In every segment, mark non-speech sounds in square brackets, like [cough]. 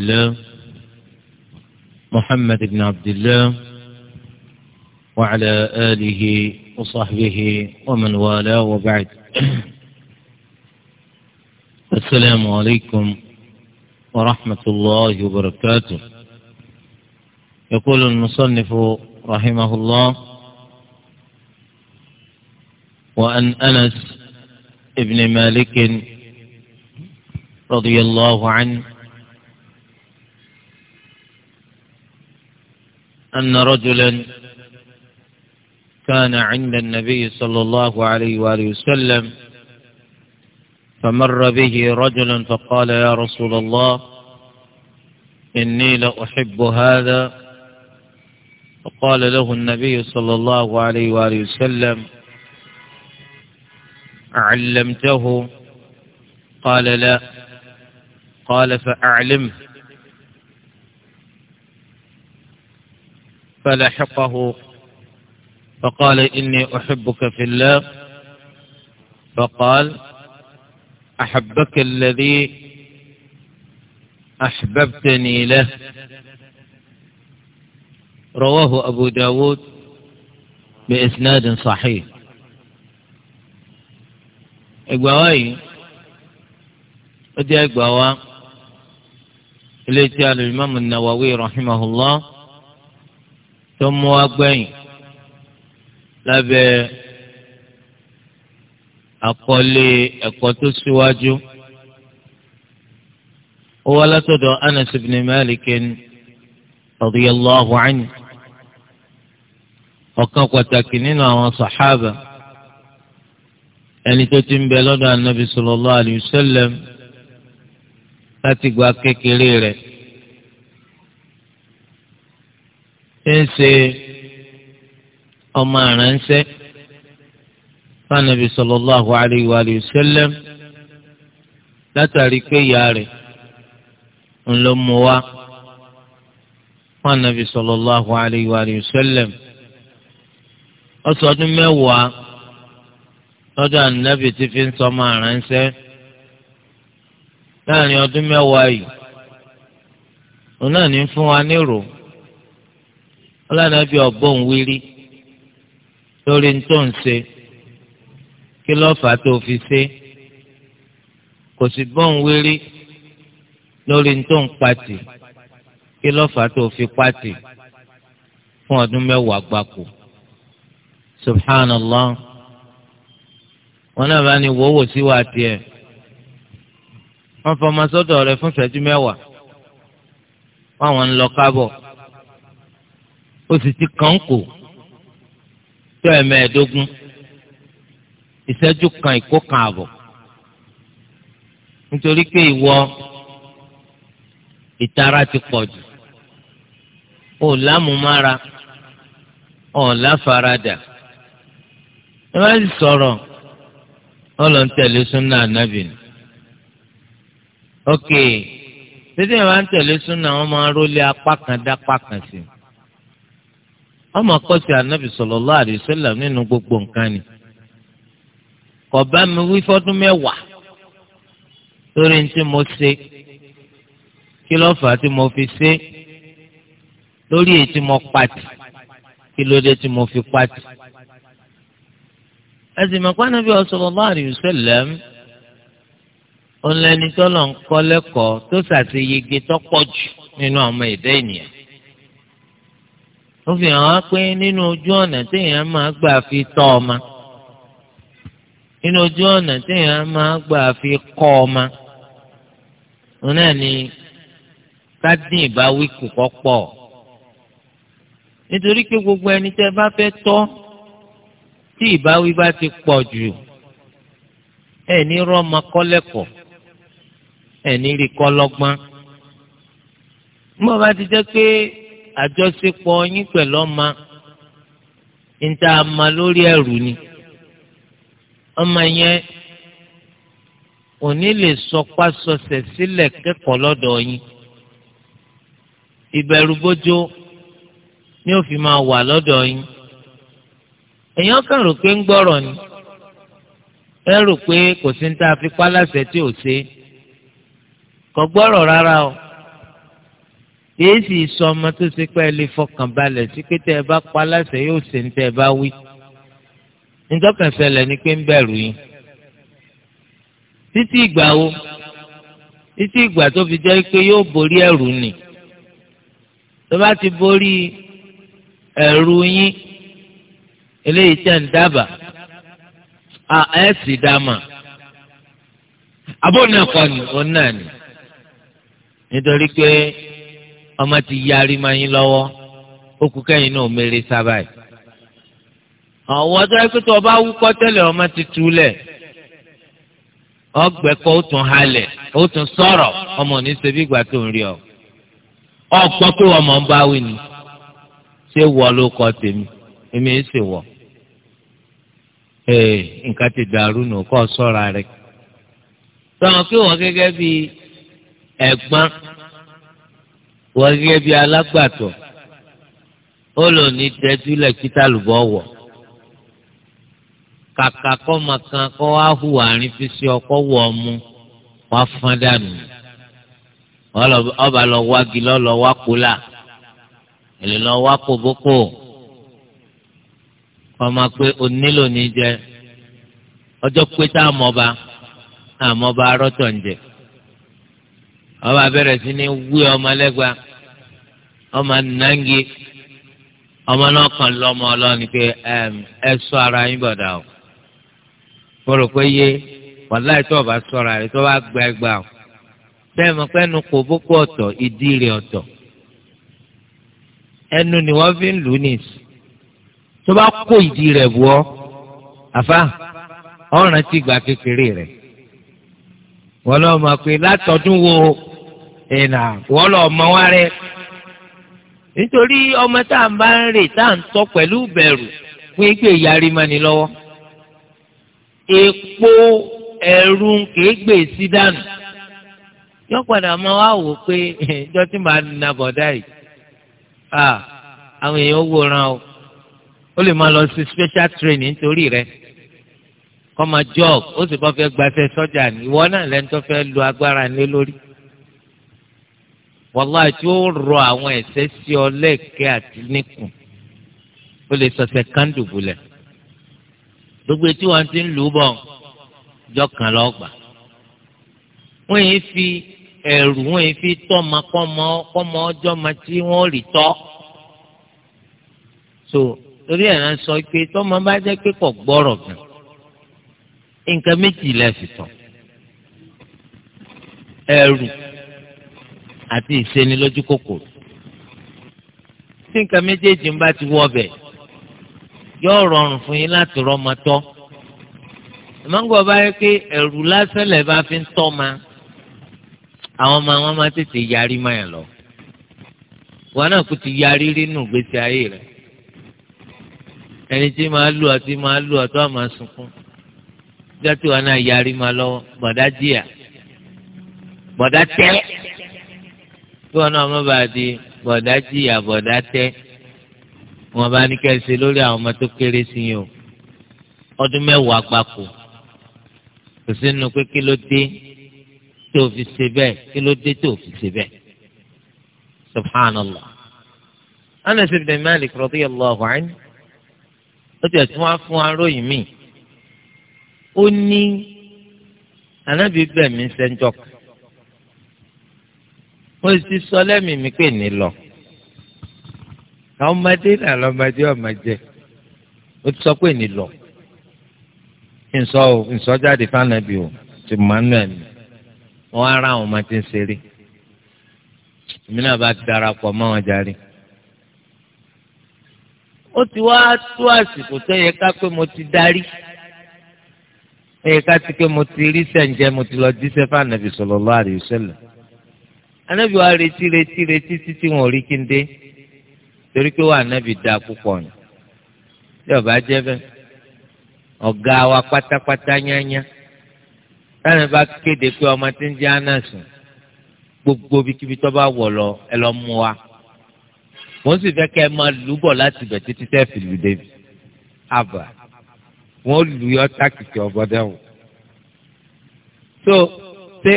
الله محمد بن عبد الله وعلى آله وصحبه ومن والاه وبعد السلام عليكم ورحمة الله وبركاته يقول المصنف رحمه الله وأن أنس ابن مالك رضي الله عنه أن رجلا كان عند النبي صلى الله عليه وآله وسلم فمر به رجل فقال يا رسول الله إني لأحب هذا فقال له النبي صلى الله عليه وآله وسلم علمته قال لا قال فأعلمه فلحقه فقال إني أحبك في الله فقال أحبك الذي أحببتني له رواه أبو داود بإسناد صحيح إقواي أدي إقواي إليتي الإمام النووي رحمه الله tó mú wa gbẹ̀yìn lábẹ́ àkọlé ẹ̀kọ́ tó síwájú ó wá látọ̀dọ̀ Anas ibn Malik radiyallahu anhu ọ̀kan pàtàkì nínú àwọn sàhábà ẹni tó ti ń bẹ lọ́dọ̀ anabi sallallahu alayhi wa láti gba kékeré rẹ̀. ń ṣe ọmọ àránṣẹ́ fanabi sallallahu alayhi wa sallam látàrí pé ìyá rẹ̀ ń lọ mú wa fanabi sallallahu alayhi wa sallam ọsọ ọdún fi ń láàrin ọdún yìí òun náà ní fún wa ọlànàbí ọ̀bọ̀n wírí lórí tó ń ṣe kí lọ́ọ̀fà tó fi ṣe kò sì bọ́n wírí lórí tó ń pàtì kí lọ́ọ̀fà tó fi pàtì fún ọdún mẹ́wàá gbáko subhanallah wọn náà bá ní wọ́wọ́ sí wa tiẹ̀ wọ́n fọmọ sọ́dọ̀ rẹ̀ fún ìṣẹ́jú mẹ́wàá wọ́n àwọn ń lọ kábọ̀ ó sì ti kàn kò tó ẹ̀mẹ́ẹ̀dógún ìṣẹ́jú kan ìkó kan àbọ̀ nítorí pé ìwọ ìtara ti pọ̀ jù ò lámùmára ò láfaradà ẹ má sì sọ̀rọ̀ ọlọ́ntẹ̀lé súnà ànábì ni ok tètè wọn tẹ̀lé súnà wọn máa rólé apá kan dá apá kan sí i ọmọ akọ́sí anabi sallallahu alaihi wasallam nínú gbogbo nǹkan ni kò bá mi wí fọ́dún mẹ́wàá lórí ní tí mo ṣe kí ló fà á tí mo fi ṣe lórí èyí tí mo pati kí ló dé tí mo fi pati. ẹsìn mọ̀kọ́ anabi sallallahu alaihi wasallam òun lẹni tọ́lọ̀ ń kọ́ lẹ́kọ̀ọ́ tó ṣàṣeyege tó jù nínú àwọn ẹ̀dá ènìyàn ó fi hàn wá pé nínú ojú ọ̀nà téèyàn máa gbà fi tọ́ ọmọ nínú ojú ọ̀nà téèyàn máa gbà fi kọ́ ọmọ òun náà ni ká dín ìbáwí kù kọ́ pọ̀ nítorí pé gbogbo ẹni tẹ́ bá fẹ́ tọ́ tí ìbáwí bá ti pọ̀ jù ẹ̀ ní rọ́ọ̀mọ kọ́lẹ́kọ̀ọ́ ẹ̀ ní rí kọ́ mo bá ti jẹ́ pé àjọṣepọ̀ yín pẹ̀lú ọmọ níta ma lórí ẹrù ni ọmọ yẹn òní lè sọpá sọsẹ̀ sílẹ̀ kẹ́kọ̀ọ́ lọ́dọ̀ yín ìbẹ̀rù bójó ni ó fi máa wà lọ́dọ̀ yín èèyàn kàn rò pé ń gbọ́rọ̀ ni ẹ rò pé kò sí ní tá fi pa tí ò ṣe kò gbọ́rọ̀ rárá o kìí sì sọ ọmọ tó ṣe pé ẹ lè fọkàn balẹ̀ sí pé tẹ́ ẹ bá pa aláṣẹ yóò ṣe ní tẹ́ ẹ bá wí nítọ́kàn ṣẹlẹ̀ ni pé ń bẹ̀rù yín títí ìgbà wo títí ìgbà tó fi jẹ́ pé yóò borí ẹ̀rù nì tó bá ti borí ẹ̀rù yín eléyìí tẹ̀ ń dábàá a ẹ̀ sì dá mà abóni ẹ̀kọ́ ni òun náà ni nítorí pé ọmọ ti yarí máa yín lọ́wọ́ ó kú kẹ́yìn náà mèrè sábà yìí. ọ̀wọ́ tó yẹ kó tó o bá wúkọ́ tẹ́lẹ̀ ọmọ ti túlẹ̀ ọgbẹ́kọ̀ ó tún halẹ̀ ó tún sọ̀rọ̀ ọmọ ní ṣe ìgbà tó ń rí ọ. ọ̀pọ̀ pé ọmọ ń bá wí ni ṣé wọ ló kọ tèmi èmi ń ṣe wọ. ee nǹkan ti dàrú nù kọ́ sọ́ra rẹ̀. sọ̀rọ̀ pé wọ́n gẹ́gẹ́ bíi ẹ̀gbọ́n wọ́n gẹ́gẹ́ bí alágbàtọ́ ó lò ní tẹ́túlẹ̀ kítàlùbọ̀ wọ̀ kàkà kọ́ máa kan kọ́ wá hùwà àárín fi sí ọkọ́ wọ̀ ọmú wá fọ́n dànù ọba lọ wági lọ́lọ́ wá kólà èlò lọ́ wá kóbókó ọmọ pé o nílò ní jẹ ọjọ́ pé tá a mọ̀ ba a mọ̀ ba arọ́tọ̀ ń jẹ ọba bẹ̀rẹ̀ sí ní wí ọmọ lẹ́gba ọmọ nàngi ọmọ náà kàn lọ́mọ ọlọ́ni pé ẹ sọ ara yín bọ̀dà o kọ̀rọ̀ pé yé wàláì tó ọba sọ̀ra rẹ̀ tó bá gba ẹgba o bẹ́ẹ̀ mọ̀ pé ẹnu kò bókú ọ̀tọ̀ ìdí rẹ̀ ọ̀tọ̀ ẹnu ni wọ́n fi ń lù ní ìsìn tó bá kó ìdí rẹ̀ bù ọ́ àfa ọ̀ràn ti gbà kékeré rẹ̀ wọ́n lọ́ọ́ mọ̀ pé látọ̀dún wo. ìnà wọ́n lọ ọmọ wa rẹ nítorí ọmọ tá à ń bá ń rè tá à ń tọ́ pẹ̀lú bẹ̀rù fún igbe ìyarí mani lọ́wọ́ èpo ẹ̀rù kéègbè sí dànù yọ padà mọ wá wò pé ìjọ [laughs] tí màá nà bọ̀dá yìí àwọn èèyàn wòran o ó lè máa lọ sí special training nítorí rẹ kọ́ máa jọ́ọ̀gù ó sì bọ́ fẹ́ gbaṣẹ́ sọ́jà ní ìwọ náà lẹ́nu tó fẹ́ lu agbára lé lórí. wàláì tí ó rọ àwọn ẹ̀ṣẹ̀ sí ọ lẹ́ẹ̀kẹ́ àti níkùn ó lè sọ̀sẹ̀ kándù bulẹ̀ gbogbo tí wọ́n ti ń lù ú bọ̀ jọ kàn lọ́gbà wọ́n yìí fi ẹ̀rù wọ́n yìí fi tọ́ma kọ́mọ kọ́mọ ọjọ́ ma tí wọ́n rì tọ́ so torí ẹ̀ náà sọ pé tọ́ma bá jẹ́ pé kò gbọ́rọ̀ gan nǹkan méjì lẹ́sìn tán ẹ̀rù. E àti ìṣeni lójú kòkòrò tí nǹkan méjèèjì ń bá ti wọ ọbẹ̀ yóò rọrùn fún yín láti rọmọ tọ́ ìmọ̀ǹgbọ̀ bá yẹ pé ẹ̀rù lásán lẹ̀ bá fi ń tọ́ ma àwọn ọmọ àwọn máa tètè yarí máa yàn lọ wọn náà kò ti yarí rínú ìgbésí ayé rẹ ẹni tí máa lù ọtí máa lù ọtí máa sunkún jẹ́ tí wọn náà yarí máa lọ bọ̀dá díà bọ̀dá tẹ́ kí wọn náà má bàa di bọ̀dá jìyà bọ̀dá tẹ́ wọn bá ní kẹsì lórí àwọn ọmọ tó kéré sí yìí o ọdún mẹ́wàá gbáko kò sínú pé kí ló dé tó fi ṣe bẹ́ẹ̀ kí ló dé tó fi ṣe bẹ́ẹ̀ subhanallah Anas ibn Malik radiyallahu anhu ó ti ẹ̀sùn wá fún aróyìn mi ó ní anábìgbẹ̀mí sẹ́ńjọ́kù mo sì sọ lẹ́mìí mi pé ní lọ àwọn ọmọdé náà lọmọdé ọmọ jẹ ó ti sọ pé ní lọ nsọ o nsọ jáde fanabi o ti manuel mi wọn ara àwọn ọmọ tí ń ṣeré èmi náà bá ti darapọ̀ mọ́ wọn járe ó ti wá tó àsìkò tó yẹ ká pé mo ti darí ó yẹ ká ti pé mo ti rí sẹ̀ǹjẹ́ mo ti lọ jíṣẹ́ fanabi sallallahu alaihi wasallam anabi wa retí retí retí títí wọn ò rí kí n dé torí pé wọn anabi dáa púpọ̀ ni bí ọba jẹ́ bẹ́ẹ̀ ọ̀gá wa pátápátá yányá táwọn bá kéde pé ọmọ tí ń jẹ́ anásùn gbogbo bíkíbi tó bá wọ̀ lọ ẹ lọ mú wa wọ́n sì fẹ́ kẹ́ ẹ máa lùbọ̀ láti bẹ̀ títí tẹ́ fi lù débi àbà wọ́n lù yọ tákìtì ọ̀bọ̀dẹ́wò. so ṣé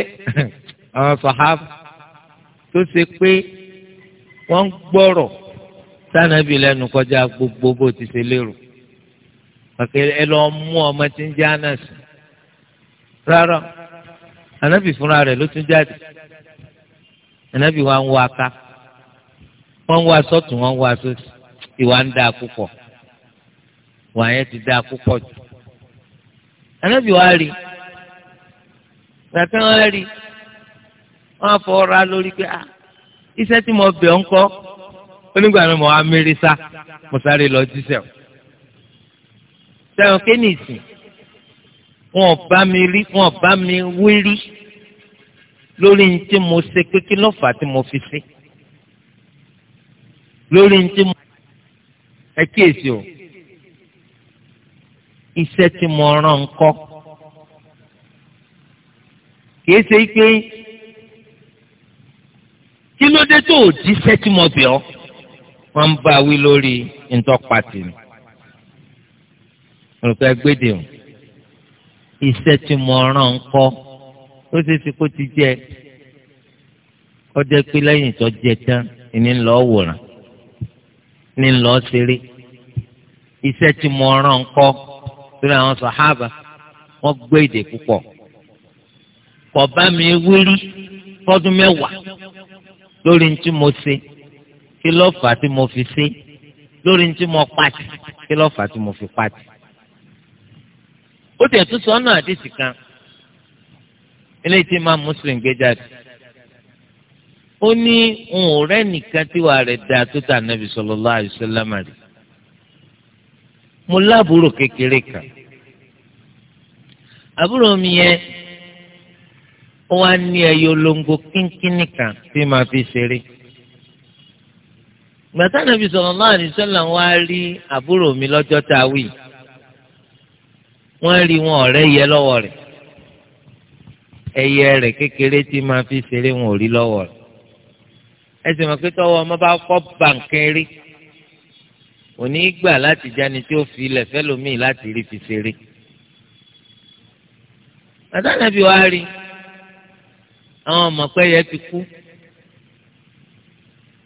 [laughs] àwọn sọ̀hábà tó ṣe pé wọ́n gbọ́rọ̀ sànàbí lẹ́nu kọjá gbogbo bó ti ṣe lérò pàkẹ́ ẹ lọ mú ọmọ tí ń jẹ́ Anas rárá ànábì fúnra rẹ̀ ló tún jáde ànábì wa ń wá ká wọ́n ń wá sọ́tún wọ́n ń wá sọ́tún ìwà ń dáa púpọ̀ ìwà yẹn ti dáa púpọ̀ jù ànábì wa rí gbàtà wọn rí wọ́n fọra lórí pé ah iṣẹ́ tí mo bẹ̀ ọ́ ń kọ́ onígbà mi mo amẹ́rẹ́ sá mo sáré lọ jíṣẹ́ o sẹ́wọ̀n kéènì ìsìn wọn bá mi rí wọn bá mi wí rí lórí ní tí mo ṣe pé kí ló fà á tí mo fi ṣe lórí ní tí mo ẹ kíyèsí o iṣẹ́ tí mo rán ń kọ́ kìí ṣe pé kí ló dé tó o di sẹ́tìmọ̀bì ọ́ wọ́n ń bá wí lórí ntọ́pàtì ni olùkọ́ ẹgbẹ́dẹ̀ o iṣẹ́ tí mo ràn ń kọ́ ó ṣe ti kó ti jẹ ọjọ́ pé lẹ́yìn tó jẹ tán ìní ń lọ wòran ní ń lọ ṣeré iṣẹ́ tí mo ràn ń kọ́ lórí àwọn sàhábà wọ́n gbé èdè púpọ̀ kọ̀ bá mi wírí fọ́dún mẹ́wàá lórí ntí mo ṣe kí ló fà á tí mo fi ṣe lórí ntí mo pàtì kí ló fà tí mo fi pàtì. ó tẹ̀ tún sọ ọ́nà àdìsí kan eléyìí tí máa Muslim gbé jáde ó ní òun ò rẹ́ nìkan tíwà rẹ̀ dáa tó tà nàbì sallallahu alaihi wasallam rí mo láàbúrò kékeré kan àbúrò mi yẹn ó wá ní ẹyọ olóńgbò kínkínní kan tí màá fi ṣeré. gbàtà nàbí sallallahu alaihi wasallam wá rí àbúrò mi lọ́jọ́ tá a wí. wọ́n rí wọn ọ̀rẹ́ yẹ lọ́wọ́ rẹ̀. ẹyẹ rẹ̀ kékeré tí màá fi ṣeré wọn ò rí lọ́wọ́ rẹ̀. ẹ sì mọ̀ pé tọ́wọ́ ọmọ bá kọ́ bàǹkẹ́rì. òní gbà láti jáni tí ó fi ilẹ̀ fẹ́lòmíì láti rí fi ṣeré. gbàtà nàbí wá rí àwọn ọmọ pé yẹ ti kú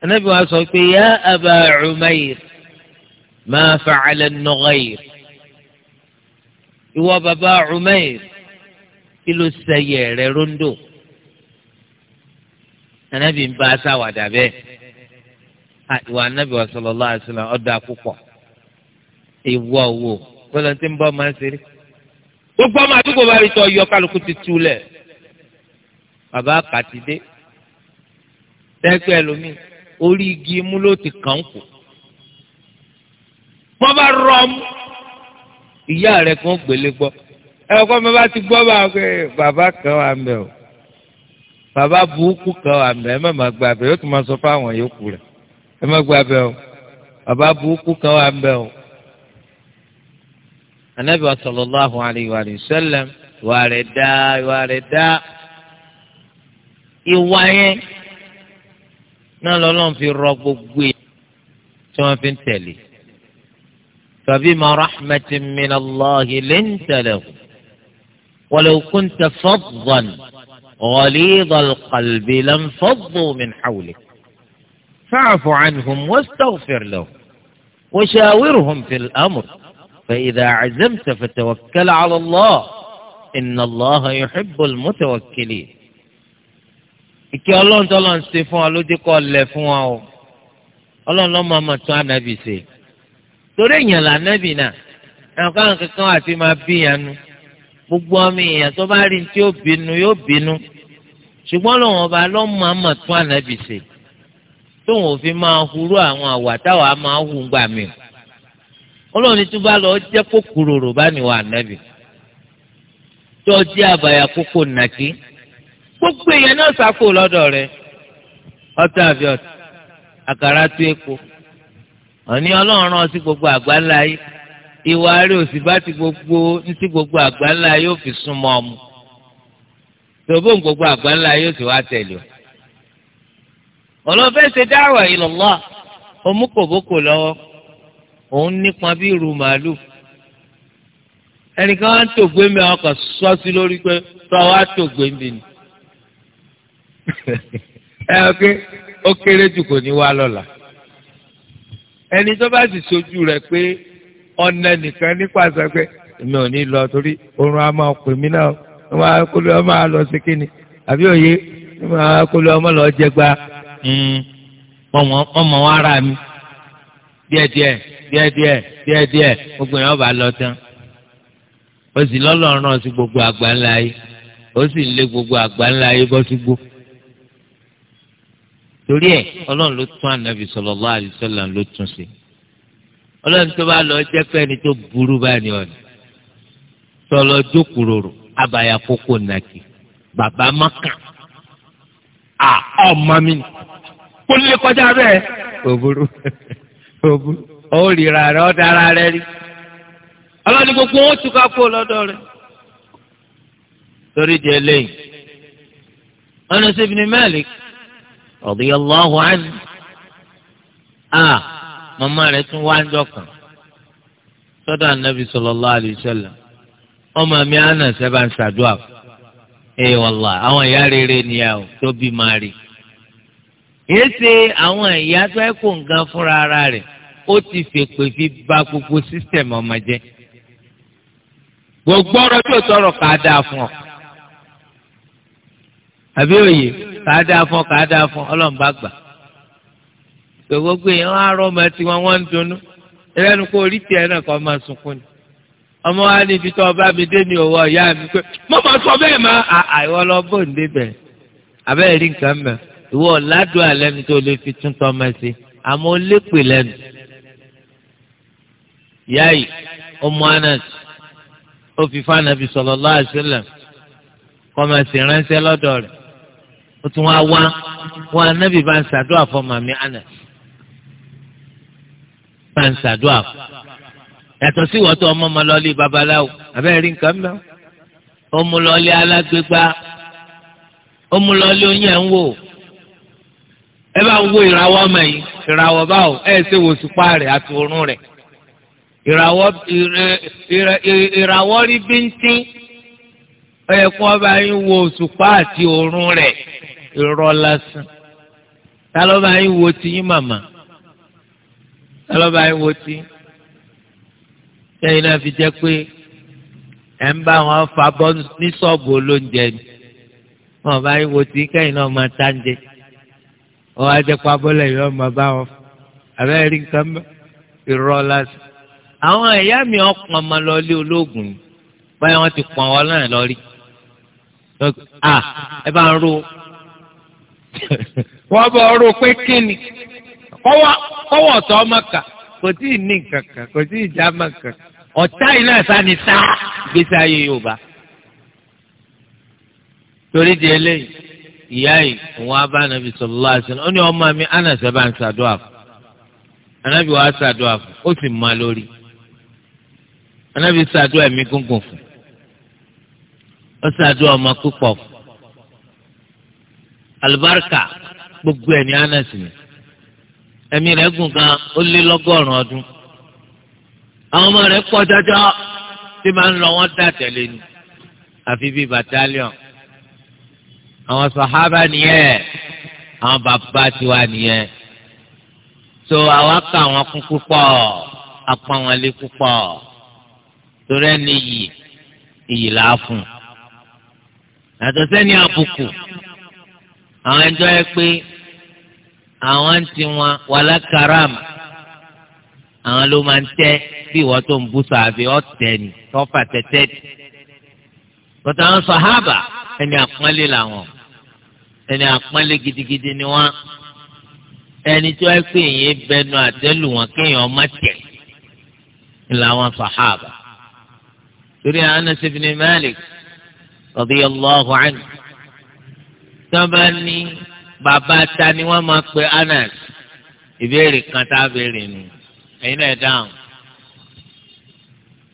anabi wa sọ pé ya aba umayr ma fa'ala an-nughayr ìwọ baba umayr kí ló ṣẹyẹ rẹ rondo anabi ń bá a sáwàdà bẹ́ẹ̀ ìwà anabi wa sallallahu alaihi wasallam ọdọ akúkọ ìwọ wo kọlọ tí ń bọ máa ń ṣeré gbogbo ọmọ àdúgbò bá rí tọ yọ kálukú ti tú lẹ bàbá kàtìdé tẹ́gbẹ́ ẹlòmíì orí igi imú ló ti kàn ń kù wọ́n bá rọ ọmú ìyá rẹ̀ kàn gbélé gbọ́ ẹ ọkọ mi bá ti gbọ́ bá a pé bàbá kan wà mẹ́ o bàbá burúkú kan wà mẹ́ ẹ má má gba abẹ yóò tún máa sọ fáwọn yòókù rẹ̀ ẹ má gba abẹ o bàbá burúkú kan wà mẹ́ o. anabi wa sallallahu alayhi wa sallam ìwà dá ìwà dá. ìwà yẹn náà lọ́lọ́run fi rọ gbogbo èèyàn tí wọ́n fi ń tẹ̀lé tàbí fabima rahmatin min Allahi linta lahum walau kunta faddan ghalidha al-qalbi wọ́n min hawlik fa'fu anhum wastaghfir lahum وشاورهم في الأمر فإذا عزمت فتوكل على الله إن الله يحب المتوكلين ìkẹ́ ọlọ́run tó lọ́n ṣe fún wa ló dé kọ́ lẹ̀ fún wa o ọlọ́run lọ́mọ ọmọ tún ànábì ṣe torí èèyàn là ànábì náà àwọn káwọn kankan àti máa bí ìyanu gbogbo ọmọ èèyàn tó bá rí tí ó bínú yóò bínú ṣùgbọ́n lòun ọba lọ́mọ ọmọ tún ànábì ṣe tóun ò fi máa hurú àwọn àwà táwa máa hù gbà mí ọlọ́run tó bá lọ jẹ́ kókòrò rò bá ní wa ànábì tó jẹ́ àbàyà kókò nàkí gbogbo èèyàn náà sáfò lọ́dọ̀ rẹ̀ ọ̀tá àfi ọ̀tá àkàrà tó epo ọ̀ní ọlọ́run rán sí gbogbo àgbáńlá yìí ìwà rẹ̀ òsì bá ti gbogbo ní ti gbogbo àgbáńlá yóò fi súnmọ́ ọmọ tòbó gbogbo àgbáńlá yóò ti wá tẹ̀lé o ọlọ́fẹ́ ṣe dáwà ìlọ́lá omúkòbókò lọ́wọ́ òun nípọn bí irú màálù ẹnìkan wá ń tògbé mi ọkọ̀ sọ́sí lórí pé tọ́wọ́ á tògbé mi ni ẹ ọkẹ ó kéré jù kò ní wá lọ́la ẹni tó bá sì sojú rẹ pé ọ̀nà nìkan nípa sọ pé èmi ò ní lọ torí oorun a máa pè mí náà wọn máa kó lọ máa lọ sí kíni àbí òye wọn máa kó lọ máa lọ jẹ gba hmm. ọmọ wọn ara mi díẹ̀díẹ̀ díẹ̀díẹ̀ díẹ̀díẹ̀ gbogbo yẹn ọba lọ tán ó sì lọ́lọ́run náà sí gbogbo àgbáńlá yìí ó sì lé gbogbo àgbáńlá yìí bọ́ sí gbogbo. torí ẹ ọlọ́run ló tún ànábì sallallahu alaihi wasallam ló tún sí ọlọ́run tó bá lọ jẹ́ pé ẹni tó burú bá ní ọ̀nà tọ́lọ jókòrò abàyà kókó nàkì bàbá mọ́kà à ọmọ mi kó lè kọjá bẹ́ẹ̀ òbúrú òbúrú ó rira rẹ ó dára rẹ rí ọlọ́run gbogbo wọn tún ká kó lọ́dọ̀ rẹ torí jẹ lẹ́yìn ọ̀nà sẹ́fìnì Malik radiyallahu anhu a màmá rẹ̀ tún wá ń jọkàn sọ́dọ̀ anabi sallallahu alayhi wa sallam ọmọ mi àná sẹ́bà ń ṣàdúrà ẹ̀ wàllá àwọn ìyá rere nìyà ó tó bí máa rí yìí ṣe àwọn ìyá tó ẹ̀ kó nǹkan fúnra ara rẹ̀ ó ti fèpè fi bà gbogbo sísítẹ̀mù ọmọ jẹ́ gbogbo ọ̀rọ̀ tó tọrọ kà á dáa fún ọ àbí òye kàá dáa fún kàá dáa fún ọlọ́run bá gbà gbogbo èèyàn á rọ ọmọ tí wọn wọn ń dunnú ẹlẹ́nu kó orí tiẹ̀ náà kọ́ máa sunkún ni ọmọ wa níbi tó ọba mi dé ní owó ọ̀yá mi pé mo máa sọ bẹ́ẹ̀ ma àìwọ lọ bò ń débẹ̀ abẹ́rẹ́ rí nǹkan mẹ́ ìwọ ọ̀làdùn àlẹ́ mi tó lè fi tún tọ́mọ sí àmọ́ ó lépè lẹ́nu ìyá yìí ọmọ anas ó fi fún anabi sallallahu alaihi wasallam kọ́ máa sì ránṣẹ́ ó tún wá wá wọn anábì bá ń ṣàdúrà fún màmí Anas bá ń ṣàdúrà fún yàtọ̀ sí wọ́n tó ọmọ ọmọ lọ́ọ́lì babaláwo abẹ́rẹ́ rí nǹkan mọ́ ọmọ lọ́ọ́lì alágbègbà ọmọ lọ́ọ́lì oyin ẹ̀ ń wò ẹ bá ń wo ìràwọ̀ ọmọ yìí ìràwọ̀ báwo ẹ̀ ṣe wò sùpá rẹ̀ àti òórùn rẹ̀ ìràwọ̀ ìràwọ̀ rí bíntín ẹ̀ kọ́ bá yín wo sùpá àti òórùn rẹ̀ irọ́ lásán ta ló bá yín wo ti yín màmá ta ló bá yín wo ti sẹ́yìn náà fi jẹ́ pé ẹ̀ ń bá wọn fà bọ́ ní ṣọ́ọ̀bù olóúnjẹ ni wọn bá yín wo ti kẹ́yìn náà máa tá ń jẹ wọn á jẹ́ pa bọ́lẹ̀ yìí wọn máa bá wọn fà àbẹ́ rí nǹkan irọ́ lásán àwọn ẹ̀yà mi ọ̀pọ̀ ọmọ lọ lé olóògùn báyọ̀ wọn ti pọ̀ wọn náà lọ ẹ bá ń ro wọ́n bọ̀ ọ́ rò pé kíni kọ́wọ́ ọ̀tọ̀ ọmọ kà kò tí ì ní nǹkan kan kò tí ì já mọ̀ kan ọ̀tá iná sani tá gbèsè ayé Yorùbá torí di eléyìí ọmọ mi Anas bá ń ṣàdúrà fún anabi wàá ṣàdúrà fún ó sì má lórí anabi ṣàdúrà ẹ̀mí gúngùn fún ó ṣàdúrà ọmọ alibarika gbogbo ẹni anasi ni ẹ̀mí rẹ̀ gùn gan ó lé lọ́gọ́rùn ọdún àwọn ọmọ rẹ̀ pọ̀ jọjọ tí máa ń lọ wọn dá tẹ̀lé ni àfi bíi batalion àwọn sàhábà nìyẹn àwọn bàbá tiwa nìyẹn so àwa kà wọn kún púpọ̀ apá wọn lé púpọ̀ torí ẹni yìí ìyìlá fún yàtọ̀ sẹ́ni àbùkù àwọn ẹjọ́ yẹ pé àwọn ń ti wọn wàlá karama àwọn ló máa ń tẹ́ bí ìwọ́n tó ń bú sàbẹ̀ ọ̀tẹ̀ ni tọ́fà tẹ́tẹ́ tì. bàtà àwọn sàhábà ẹni àpọ́nlé làwọn ẹni àpọ́nlé gidigidi ni wọ́n ẹni tó yẹ pé èyí bẹnu àtẹ́lù wọn kéèyàn má tẹ̀ làwọn sàhábà. torí Anas ibn Malik radiyallahu anhu tán bá ní bàbá ta ni wọ́n máa pe Anas ìbéèrè kan tá a béèrè nù ẹ̀yin náà dáhùn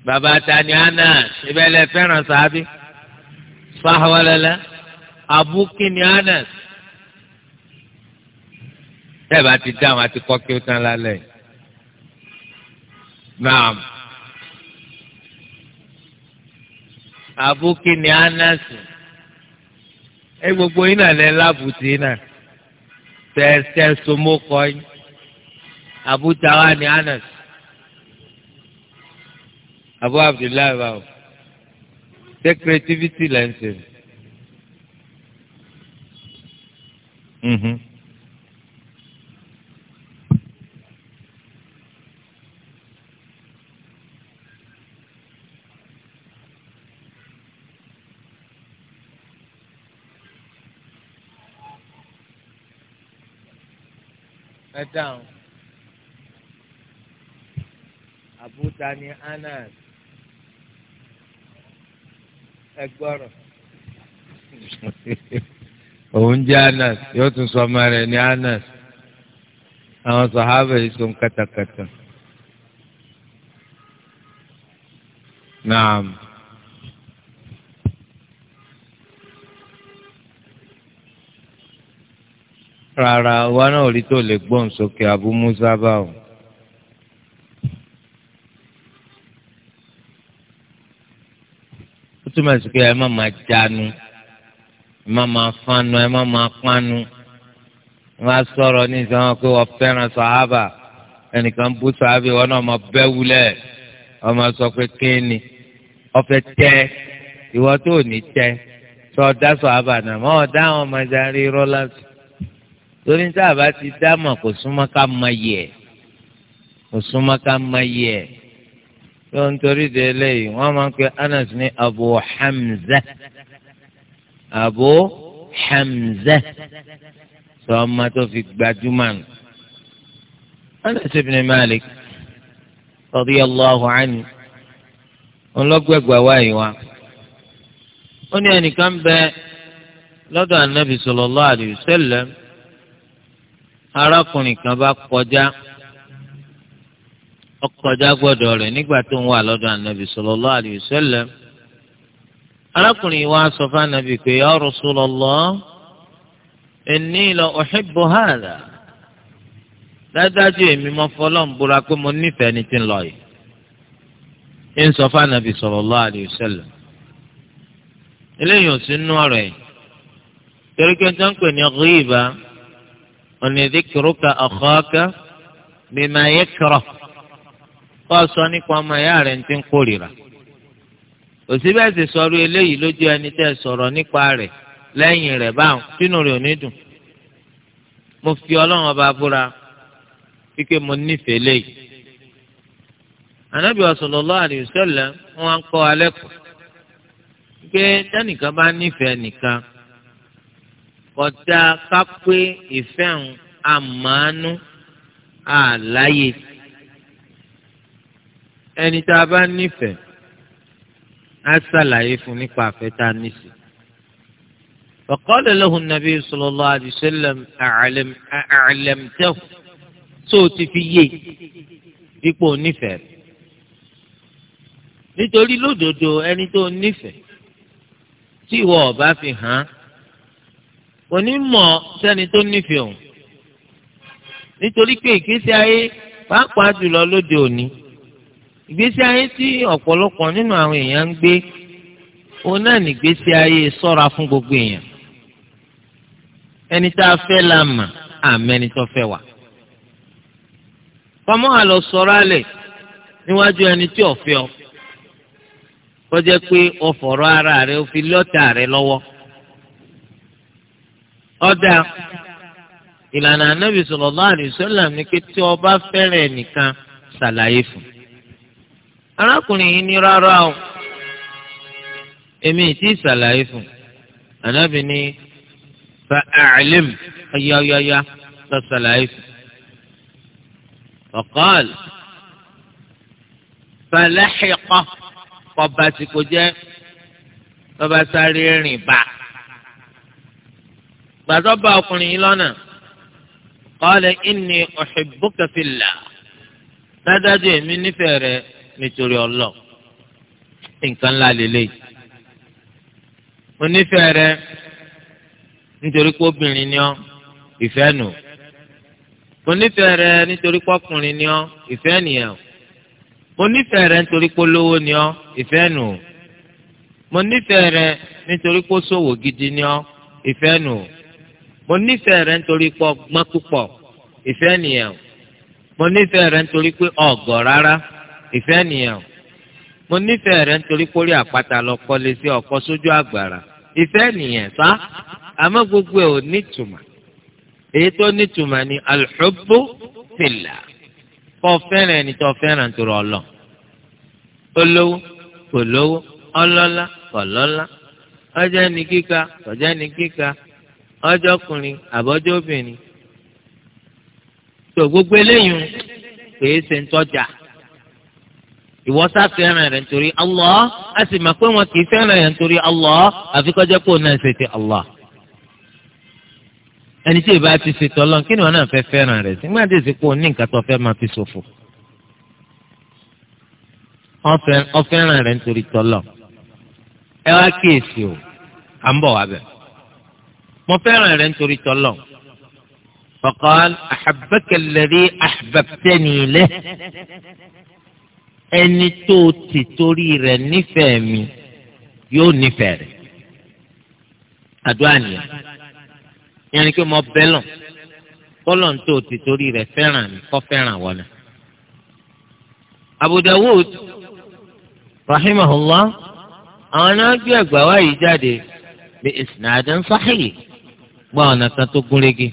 bàbá ta ni Anas ìbẹ̀lẹ̀ fẹ́ràn sáábì fáwọlẹ́lẹ́ abúkí ni Anas tẹ́ẹ̀ bá ti dáhùn àti kọ́ kí ó tán lálẹ́ náà. abúkí ni Anas ẹ gbogbo yín náà lẹ láàbù tí náà tẹ̀sẹ̀ somokọ yín àbújá wa ni anas abu abdullahi báwo ṣé creativity lẹ́ǹsìn. ẹ dáhùn àbúta ni anas ẹ gbọ́rọ̀ òun jẹ́ anas yóò tún sọ ọmọ rẹ̀ ní anas àwọn sọ̀hábà yìí sọ katakata naam. Rara wa náà ò rí tó lè gbóhùn sókè Abu Musa báwò. ó túmọ̀ sí pé ẹ má máa jánu ẹ má máa fánu ẹ má máa pánu wọ́n á sọ̀rọ̀ ní ìsọ̀rọ̀ pé wọ́n fẹ́ràn sàhábà ẹnìkan bú sàhábà wọn náà máa bẹ́ wọ́n máa sọ pé kéènì ọ̀fẹ́ tẹ́ ìwọ tó ní tẹ́ sọ dá sàhábà náà mọ́ ọ̀dá àwọn ọmọ ìjà rí rọ́lá sí. torí ní sábà ti dámọ̀ kò súnmọ́ ká mọ yẹ kò súnmọ́ ká mọ yẹ tó ń torí de eléyìí wọ́n máa ń pe Anas ní Abu Hamza Abu Hamza sọ ọmọ tó fi gbajúmọ̀ nù Anas ibn Malik radiyallahu anhu ọlọ́gbẹ̀gbà wáyé wa ó ní ẹnìkan bẹ lọ́dọ̀ anabi sọlọ alayhi wa arákùnrin kan bá kọjá ọkọjá gbọ́dọ̀ rẹ̀ nígbà tó ń wà lọ́dọ̀ ànábì sallallahu alayhi wa sallam arákùnrin wa sọ fún ànábì pé ya Rasulullah inni la uhibbu hadha dájú èmi mọ fọlọ́n búra pé mo nífẹ̀ẹ́ ni ti ń lọ yìí ń sọ fún ànábì sallallahu alayhi wa eléyìí ò sí nú ọ̀rọ̀ yìí torí pé ń tán pè ọ̀nà ìdíkìrúkà akhaka bima yakrah kọ́ sọ nípa ọmọ ìyá rẹ̀ ń ti ń kórìíra òsínbẹ́sì sọ̀rọ̀ eléyìí lójú ẹni tẹ́ sọ̀rọ̀ nípa rẹ̀ lẹ́yìn rẹ̀ báwọn tínú rẹ̀ ò ní dùn mo fi ọlọ́run ọba búra wípé mo nífẹ̀ẹ́ léyìí ànábì sallallahu alaihi wọn kọ́ alẹ́ pé tẹ́nìkan bá nífẹ̀ẹ́ nìkan kọjá kápé ìfẹ́ ń àmánú àláyé ẹni tá a bá nífẹ̀ẹ́ á ṣàlàyé fún nípa àfẹ́ tá a níṣẹ́. فقال له النبي صلى الله عليه وسلم أعلم أعلمته صوتي في يي ipò nífẹ̀ẹ́ nítorí lódodo ẹni tó nífẹ̀ẹ́ tí ìwọ ọba fi hàn án onímọ̀ sẹ́ni tó nífẹ̀ẹ́ òun nítorí pé ìgbésí ayé pàápàá jùlọ lóde òní ìgbésí ayé tí ọ̀pọ̀lọpọ̀ nínú àwọn èèyàn ń gbé òun náà nìgbésí ayé sọ́ra fún gbogbo èèyàn ẹni tá a fẹ́ la mà àmẹ́ni tó fẹ́ wà kọ́mọ́ àlọ́ sọ̀rọ̀ alẹ̀ níwájú ẹni tí ò fẹ́ ọ kọjá pé ọ̀fọ̀rọ̀ ara rẹ̀ ó fi lọ́tà rẹ̀ lọ́wọ́. ọ̀dà ìlànà anábì sallallahu alaihi wasallam ní pé tí ọba fẹ́rẹ̀ nìkan ṣàlàyé fún. arákùnrin yìí ní rárá o èmi tí ṣàlàyé fún anábì ní fa a'lim ayáyáyá lọ ṣàlàyé fún. ọ̀kọ́ọ̀lù falahiqa kọba tí kò jẹ́ bàbá sáré rìn bá gbàtọ́ bá ọkùnrin yìí lọ́nà qala inni uhibbuka fillah dájájú èmi nífẹ̀ẹ́ rẹ nítorí ọlọ́ nǹkan ńlá lélẹ́yìí mo nífẹ̀ẹ́ rẹ nítorí pé obìnrin ni ọ́ ìfẹ́ nù mo nífẹ̀ẹ́ rẹ nítorí pé ọkùnrin ni ọ́ ìfẹ́ nìyẹn mo nífẹ̀ẹ́ rẹ nítorí pé olówó ni ọ́ ìfẹ́ nù mo nífẹ̀ẹ́ rẹ nítorí pé ó gidi ni ọ́ ìfẹ́ nù mo nífẹ̀ẹ́ rẹ nítorí pé ọgbọ́n púpọ̀ ìfẹ́ nìyẹn mo nífẹ̀ẹ́ rẹ nítorí pé ọ̀gọ̀ rárá ìfẹ́ nìyẹn mo nífẹ̀ẹ́ rẹ nítorí pé orí àpáta lọ kọ́lé sí ọkọ̀ sójú àgbàrá ìfẹ́ nìyẹn sá àmọ́ gbogbo ẹ̀ ò nítumọ̀ èyí tó nítumọ̀ ni alḥubbu fillah kọ́ fẹ́ràn ẹni tó fẹ́ràn tó rọ lọ olówó kò lówó ọlọ́lá kò lọ́lá ọjọ́ ẹni kíka ọjọ́ ẹni kíka ọjọ́kùnrin àbọ́jọ́ obìnrin tó gbogbo eléyìí kìí ṣe ń tọ́jà ìwọ sá fẹ́ràn rẹ̀ nítorí Allah a sì máa pé wọn kìí fẹ́ràn rẹ̀ nítorí Allah àfi kọjá pé òun náà ṣe ti Allah ẹni tí ìbá ti ṣe tọ́lọ́ kí ni wọn náà fẹ́ fẹ́ràn rẹ̀ sí gbàdé sí pé òun ní nǹkan tó fẹ́ máa fi ṣòfò ọfẹ́ràn rẹ̀ nítorí tọ́lọ́ ẹ wá kíyèsí o à ń bọ̀ wá bẹ̀rẹ̀. mo fẹ́ràn rẹ̀ nítorí tọ́lọ̀ faqal ahabbaka alladhi ahbabtani leh ẹni tó ti torí rẹ̀ nífẹ̀ẹ́ mi yóò nífẹ̀ẹ́ rẹ̀ àdúrà nìyẹn ìyẹn ni pé mo bẹ́lọ̀ kọ́lọ̀ tó ti torí rẹ̀ fẹ́ràn mi kọ́ fẹ́ràn wọ́n náà. Abu Dawud rahimahullah àwọn náà gbé ẹgbàá wáyé jáde bí isnadin sahih gba ọ̀nà kan tó gúnrégé.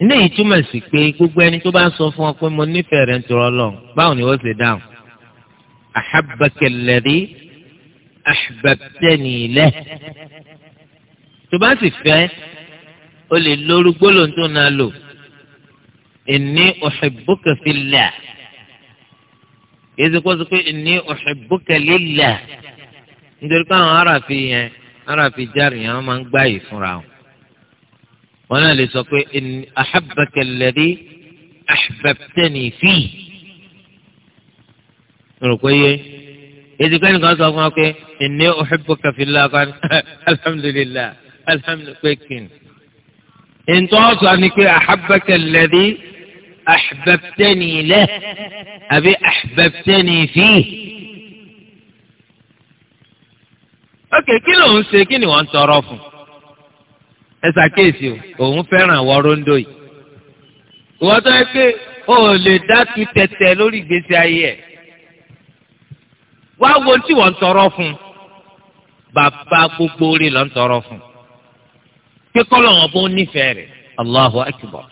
ilé yìí túmọ̀ sí pé gbogbo ẹni tó bá ń sọ fún ọ pé mo nífẹ̀ẹ́ rẹ̀ ń tọrọ lọ báwo ni ó ṣe dáhùn. ahabbaka alladhi ahbabtani lahu. tó bá sì fẹ́ o lè lórí gbólóhùn náà lò inni uhibbuka fillah pé inni uhibbuka nítorí pé àwọn aráàfin yẹn. ara fi jaari yẹn wọ́n máa ń gbá yìí fúnra o wọ́n náà lè sọ pé ahabbaka alladhi ahbabtani fihi. mo rò pé yé ètò ìkànnì kan sọ fún wa pé inni uhibbuka fillah kan alhamdulillah alhamdulilayi ntọ́ sọ ni pé ahabbaka alladhi ahbabtani lahu àbí ahbabtani fi. ókè kí lòun ṣe kí ni wọ́n ń tọrọ fún ẹ ṣàkíyèsí o òun fẹ́ràn wọ rondo yìí ìwọ́n tó yẹ pé o ò lè dá tu tẹ̀tẹ̀ lórí ìgbésí ayé ẹ̀ wá wo tí wọ́n ń tọrọ fún bàbá gbogbo orí lọ́n tọrọ fún pé kọ́lọ̀ wọn bó nífẹ̀ẹ́ rẹ̀ Allahu Akbar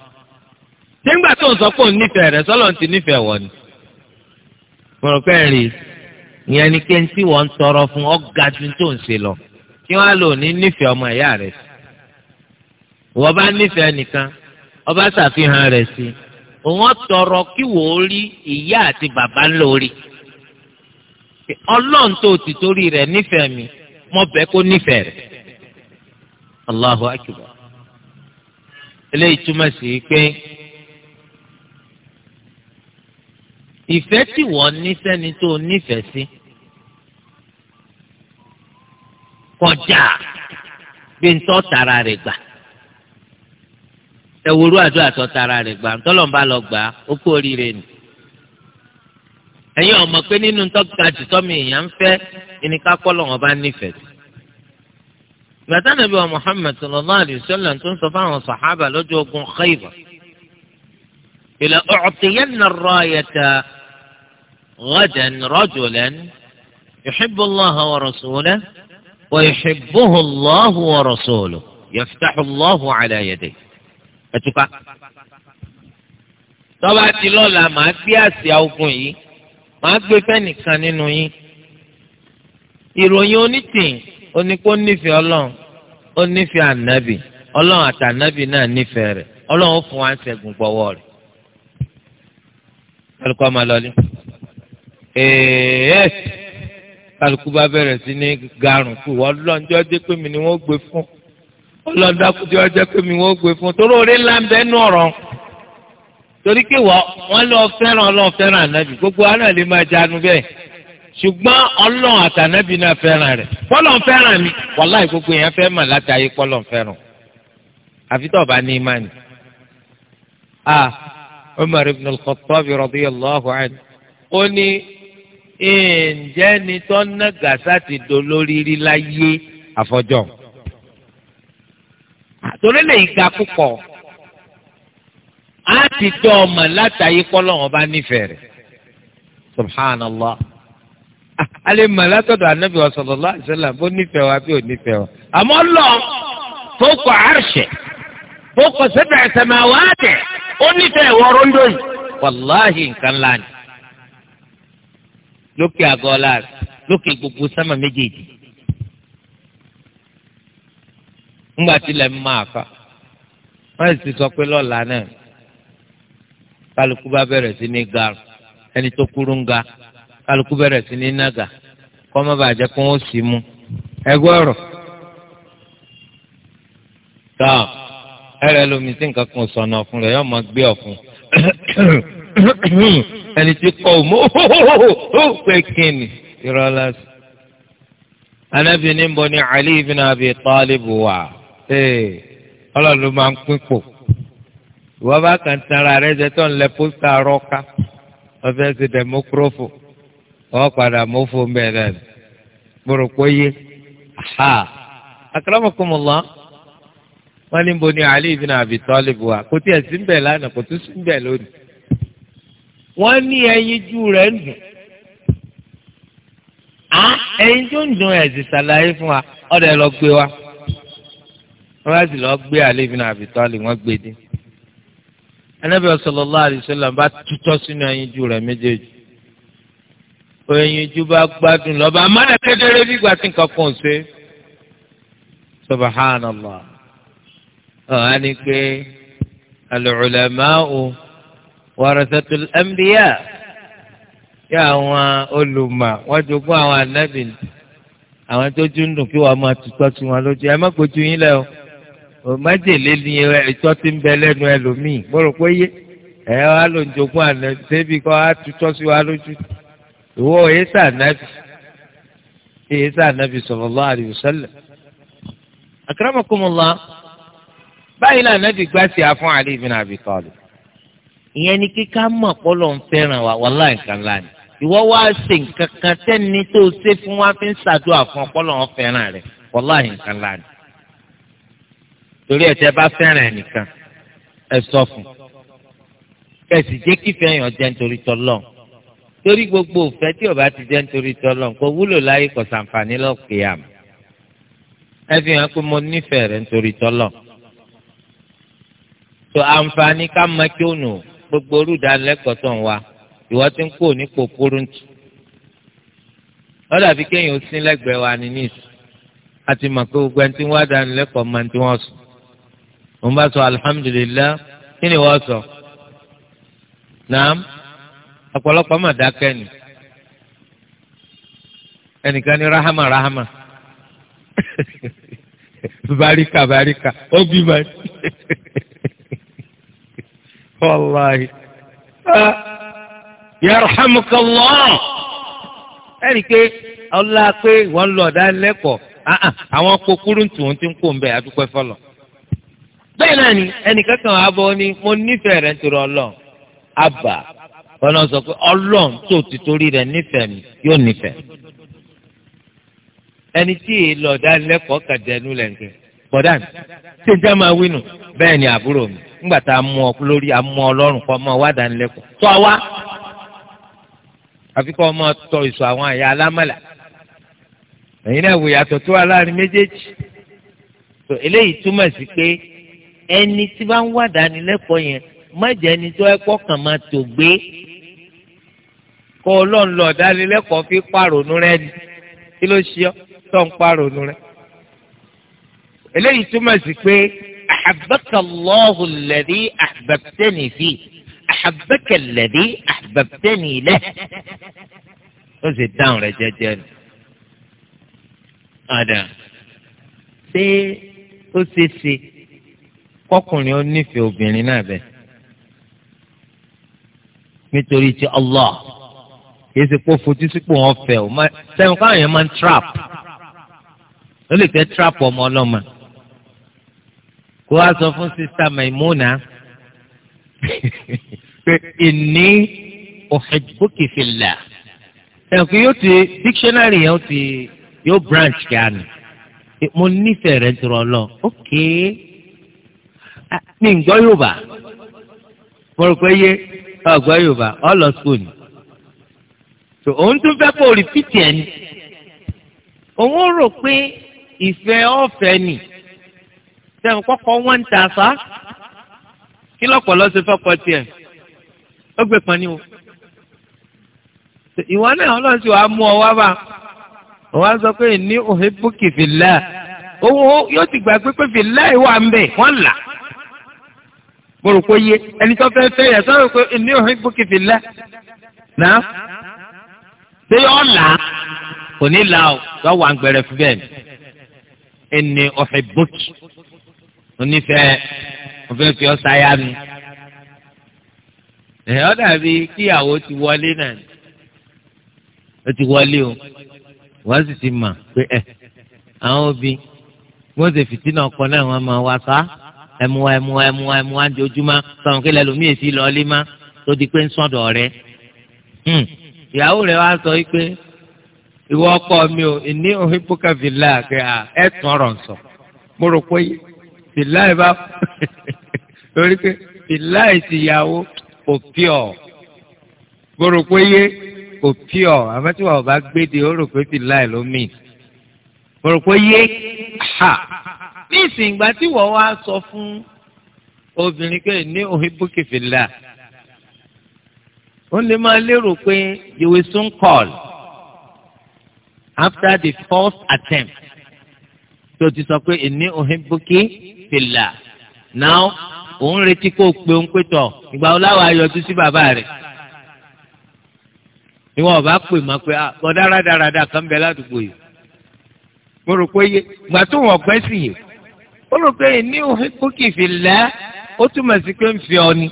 nígbà tó ń sọ pé òun nífẹ̀ẹ́ rẹ̀ sọ́lọ́n ti nífẹ̀ẹ́ wọ̀ ni mo rò pé rí i ìyẹn ni kí n tí wọ́n ń tọrọ fún ọ̀gá ju tó ń ṣe lọ kí wọ́n á lò ní nífẹ̀ẹ́ ọmọ ẹ̀yà rẹ̀ sí wọ́n bá nífẹ̀ẹ́ nìkan ọba ṣàfihàn rẹ̀ sí òun tọrọ kí wò ó rí ìyá àti bàbá lórí ọlọ́run tó ti torí rẹ̀ nífẹ̀ẹ́ mi mo bẹ̀ kó nífẹ̀ẹ́ rẹ̀ Allahu akbar eléyìí túmọ̀ sí pé. ìfẹ́ tí wọ́n ní sẹ́ni tó nífẹ̀ẹ́ sí kọjá bí n tọ́ tara rẹ̀ gbà ẹ wo irú àdúrà tọ́ tara rẹ̀ gbà ntọ́lọ́ ń bá lọ gbà ó kú oríire nì ẹ̀yin ọmọ pé nínú tọ́ka jùtọ́mi èèyàn ń fẹ́ ẹni ká kọ́ lọ́wọ́ bá nífẹ̀ẹ́ sí gbàtànà bí wa Muhammad sallallahu alayhi wa sallam tó ń sọ fáwọn sàhábà lọ́jọ́ ogun Khaybar ìlà ọ̀ọ́tìyẹ́nà rọ̀ ayẹ̀tà. غدا رجلا يحب الله ورسوله ويحبه الله ورسوله يفتح الله على يديه ẹtùkà tọ́ba ti lọ́la màá gbé àsíá ogun yìí màá gbé fẹ́nìkan nínú yín ìròyìn onítìǹ oníkó nífẹ̀ẹ́ ọlọ́run ó nífẹ̀ẹ́ ànábì ọlọ́run àtànábì náà nífẹ̀ẹ́ rẹ̀ ọlọ́run ó fún wa ń ṣẹ́gun gbọ́wọ́ rẹ̀. ẹ̀rù kọ́ máa lọ ẹ̀ẹ́d kálukú bá bẹ̀rẹ̀ sí ní garùn kù ọlọ́njọ́ jẹ́ pé mi ni wọ́n gbé fún ọlọ́dàkú jẹ́ ọjọ́ pé mi wọ́n gbé fún torí orí ńlá ń bẹ́ẹ̀ nú ọ̀rọ̀ torí pé wọ́n lọ fẹ́ràn ọlọ́run fẹ́ràn ànábì gbogbo aná lè máa jánu bẹ́ẹ̀ ṣùgbọ́n ọlọ́run àtànábì náà fẹ́ràn rẹ̀ pọ́lọ́n fẹ́ràn mi wàláì gbogbo yẹn fẹ́ mà láti ayé pọ́lọ́n fẹ́ràn àfi tó ọba ní imáni. Ah, ibn al-Khattab radiyallahu anhu ó ní ǹjẹ́ ni tó ná gàṣà ti dolórí rí láyé àfọjọ́ torí lè ga púpọ̀ á ti tọ́ ọmọ látàyè kọ́lọ́wọ́n bá nífẹ̀ẹ́ rẹ̀ subhanallah alẹ́ mọ̀ látọ̀dọ̀ anábì sallallahu alaihi wasallam bó nífẹ̀ẹ́ wa bí ò nífẹ̀ẹ́ wa àmọ́ lọ fọ́kọ̀ àrṣẹ̀ fọ́kọ̀ sab'a samawati ó nífẹ̀ẹ́ wọ́rọ́ ń dòyìn wàláhì nǹkan lánìí lókè àgọ́ ọ̀la rẹ̀ lókè gbogbo sámà méjèèjì ńgbà tilẹ̀ ń máa fa wọ́n sì sọ pé lọ́la náà kálukú bá bẹ̀rẹ̀ sí ní ga ẹni tó kúrú ń ga kálukú bẹ̀rẹ̀ sí ní nága kọ́ má kó wọ́n sì mú ẹgbẹ́ ọ̀rọ̀ tá ẹ̀rẹ́ lomi sí nǹkan kan sọ̀nà ọ̀fun rẹ̀ yóò máa gbé ọ̀fun ẹni tí kọ́ ò mọ́ ó pé kíni irọ́ lásì. ni Ali ibn Abi Talib wà ọlọ́run ló máa ń pín pò ìwọ bá kàn tanra rẹ jẹ tó ń lẹ pósítà rọ́ọ̀ká ọ̀fẹ́ ti dẹ̀mókúrófò ọ̀ padà mọ́fò mẹ́rẹ̀ ni gbọ́dọ̀ pé yé ha akramakumullah wọ́n ní bo ni Ali ibn Abi Talib wà kò tí ẹ̀ sí ń bẹ̀ lánàá kò tún sí ń bẹ̀ lónìí. wọ́n ní ẹyinjú rẹ̀ ń dùn á ẹyin tó ń dùn ẹ̀sìn ṣàlàyé fún wa ọ̀dọ̀ ẹ lọ gbé wa wọ́n bá sì lọ gbé àlefi náà àbítọ́lì wọ́n gbé dé Ànábì sallallahu alaihi wasallam bá tutọ́ sínú ẹyinjú rẹ̀ méjèèjì ẹyinjú bá gbádùn lọ́ba amára kedere bí gbà tí nǹkan kan ṣe subhanallah ọ̀ á ní pé al warasatul anbiya يا àwọn olùmọ̀ wọ́n jogún àwọn ànábì àwọn tó dúndùn kí wọ́n máa tutọ́ sí wọn lójú ẹ má gbójú yín lẹ o òmájèlé ni ìtọ́ ti ń bẹ lẹ́nu ẹlòmíì gbọ́dọ̀ pé yé ẹ wá ló ń jogún ànábì débi kọ́ á tutọ́ sí wa lójú ìwọ èyíṣà ànábì èyíṣà ànábì sallallahu alaihi wasallam. akramakumullah báyìí lànà bí gbàsí àfọ̀n Ali ibn Abi Talib ìyẹn ni kíkà mọ̀ pọ́lọ̀ ń fẹ́ràn wa wàhálà nǹkan lánàá ìwọ wá ṣe nǹkan kan tẹ́ni tó ṣe fún wa fi ń ṣàdúrà fún ọpọlọ wọn fẹ́ràn rẹ̀ wàhálà nǹkan lánàá torí ẹ̀ tẹ́ bá fẹ́ràn ẹnìkan ẹ sọ fún kẹsì jẹ́ kífẹ́ èèyàn jẹ́ nítorí tọ́lọ́ torí gbogbo òfẹ́ tí ó bá ti jẹ́ nítorí tọ́lọ́ kò wúlò láyé kò sàǹfààní lọ́kìyàmù ẹ fi hàn pé mo nífẹ̀ẹ́ rẹ̀ nítorí tọ́lọ́ tó àǹfààní ká mọ kí ó nù ó gbogbo olùdánilẹ́kọ̀ọ́ tó ń wa ìwọ ti ń kó nípò kúrúntù lọ́dà bí kéèyàn sí lẹ́gbẹ̀ẹ́ wa ní níìsì àti mọ̀ pé gbogbo ẹni tí wọ́n dánilẹ́kọ̀ọ́ máa ń tí wọ́n sùn òun bá sọ alihamudulilayi kí ni wọ́n sọ naam ọ̀pọ̀lọpọ̀ mà dákẹ́ ni ẹnìkan ní rahama rahama [laughs] barika barika ó bí ma [laughs] wàláhì ah, yarhamukallah ẹ̀rí pé ọlá pé wọ́n lọ ọ̀dà lẹ́kọ̀ọ́ ah, ah, àwọn kòkúrú tòun ti ń kó ń bẹ̀ adúpẹ́ fọlọ̀ bẹ́ẹ̀ náà ni ẹnìkan kan abọ́ ni mo nífẹ̀ẹ́ rẹ̀ nítorí ọlọ́run àbà wọn náà sọ pé ọlọ́run tó ti torí rẹ̀ nífẹ̀ẹ́ mi yóò nífẹ̀ẹ́ ẹni tí èyí lọ ọ̀dà lẹ́kọ̀ọ́ kàdẹ́nu lẹ́ǹkẹ́ bọ̀dá mi ṣé jẹ́ máa wínú bẹ́ẹ̀ ni àbúrò mi ńgbà tá a mú ọ lórí a mú ọ lọ́rùn kọ́ ọmọ wa dánilẹ́kọ̀ọ́ tó a wá àfi kọ́ ọmọ tọ ìsọ àwọn àyà alámàlà ẹ̀yin náà wò yàtọ̀ tó wà láàrin méjèèjì tó eléyìí túmọ̀ sí pé ẹni tí bá ń wà dánilẹ́kọ̀ọ́ yẹn má ẹni tó ẹ̀kọ́ kàn máa tò gbé kó ọlọ́run lọ dánilẹ́kọ̀ọ́ fi pàrònú rẹ ni kí ló ṣe ọ́ tó ń pàrònú rẹ eléyìí túmọ̀ sí pé أحبك الله الذي أحببتني فيه أحبك الذي أحببتني له ó sì dáhùn rẹ̀ jẹ́jẹ́ ni. Àdà ṣé ó ṣe ṣe kọkùnrin ó nífẹ̀ẹ́ obìnrin náà bẹ̀? Nítorí ti Allah kìí ṣe pé fojú sípò wọn fẹ́ o. Sẹ́yìn káwọn yẹn máa ń trap. Ó lè fẹ́ trap ọmọ ọlọ́mọ kó wá sọ fún sista Maimuna [laughs] pé ìní òhèjúkì fìlà ẹnìkan yóò ti dictionary yẹn ti yóò branch kíánu mo nífẹ̀ẹ́ rẹ̀ nítorí ọlọ́ ok mi ń gbọ́ Yorùbá mo rò pé yé ọgbọ́ Yorùbá ọlọ school ni so òun tún fẹ́ kó rìpítì ẹ̀ ni òun rò pé ìfẹ́ ọ̀fẹ́ ni sẹ́wọ̀n kọ́kọ́ wọ́n ń tà sá kí lọ́pọ̀lọ́ ṣe fọ́kọ tiẹ̀ ó gbé kan ní o. ìwọ náà ọlọ́run sì wàá mú ọ wá bá wọ́n á sọ pé ní òhébùkì fìlà owó yóò ti gbàgbé pé fìlà ìwà ń bẹ̀ wọ́n là mo rò pé yé ẹni tó fẹ́ fẹ́ yẹ sọ́rọ̀ pé ní òhébùkì fìlà náà ṣé yọ là kò ní là ó lọ́wọ́ àgbẹ̀rẹ̀ fún bẹ́ẹ̀ ni ẹni òhébùkì onífẹ́ mo fẹ́ fi ọ́ sáyà mi. ẹ̀ ọ́ dàbí kíyàwó ti wọlé náà ó ti wọlé o wọ́n sì ti mọ̀ pé ẹ̀ àwọn òbí wọ́n ṣe fìtínà ọkọ náà wọ́n máa wá sá ẹmuwa ẹmuwa ẹmuwa ẹmuwa ń dojúmọ́ sọ̀rọ̀ kí lẹ́lòmíì èsì lọ́ọ́lé má tó di pé ń sọ̀dọ̀ rẹ̀ hmm. ìyàwó rẹ̀ wá sọ wípé ìwọ ọkọ mi ò ní òhìnbókàfìlà kẹ́ ẹ̀ tún ọ̀rọ̀ sọ mo rò pé yìí bìláì bá lórí [laughs] pé bìláì tìyàwó kò pí ọ gbòòrò pé yé kò pí ọ àmọ́ tí wàá bá gbéde ó rò pé bìláì ló mì gbòòrò yé ha ní ìsìn ìgbà tí wọ́n wá sọ fún obìnrin pé ní òhìbùkì fìlà ó lè máa lérò pé you will soon call after the first attempt tó ti sọ pé inni uhibbuki fillah náà òun retí kó pe òun pé tọ̀ ìgbà wo láwọn ayọ̀tú sí bàbá rẹ̀ ìwọ ọba pè má pé ah, bọ́dá rádaràdà kan bẹ ládùúgbò yìí mo rò pé ìgbà tó wọ́n pẹ́ sí yìí ó rò pé inni uhibbuki fillah ó túmọ̀ sí pé ń fi ọ ni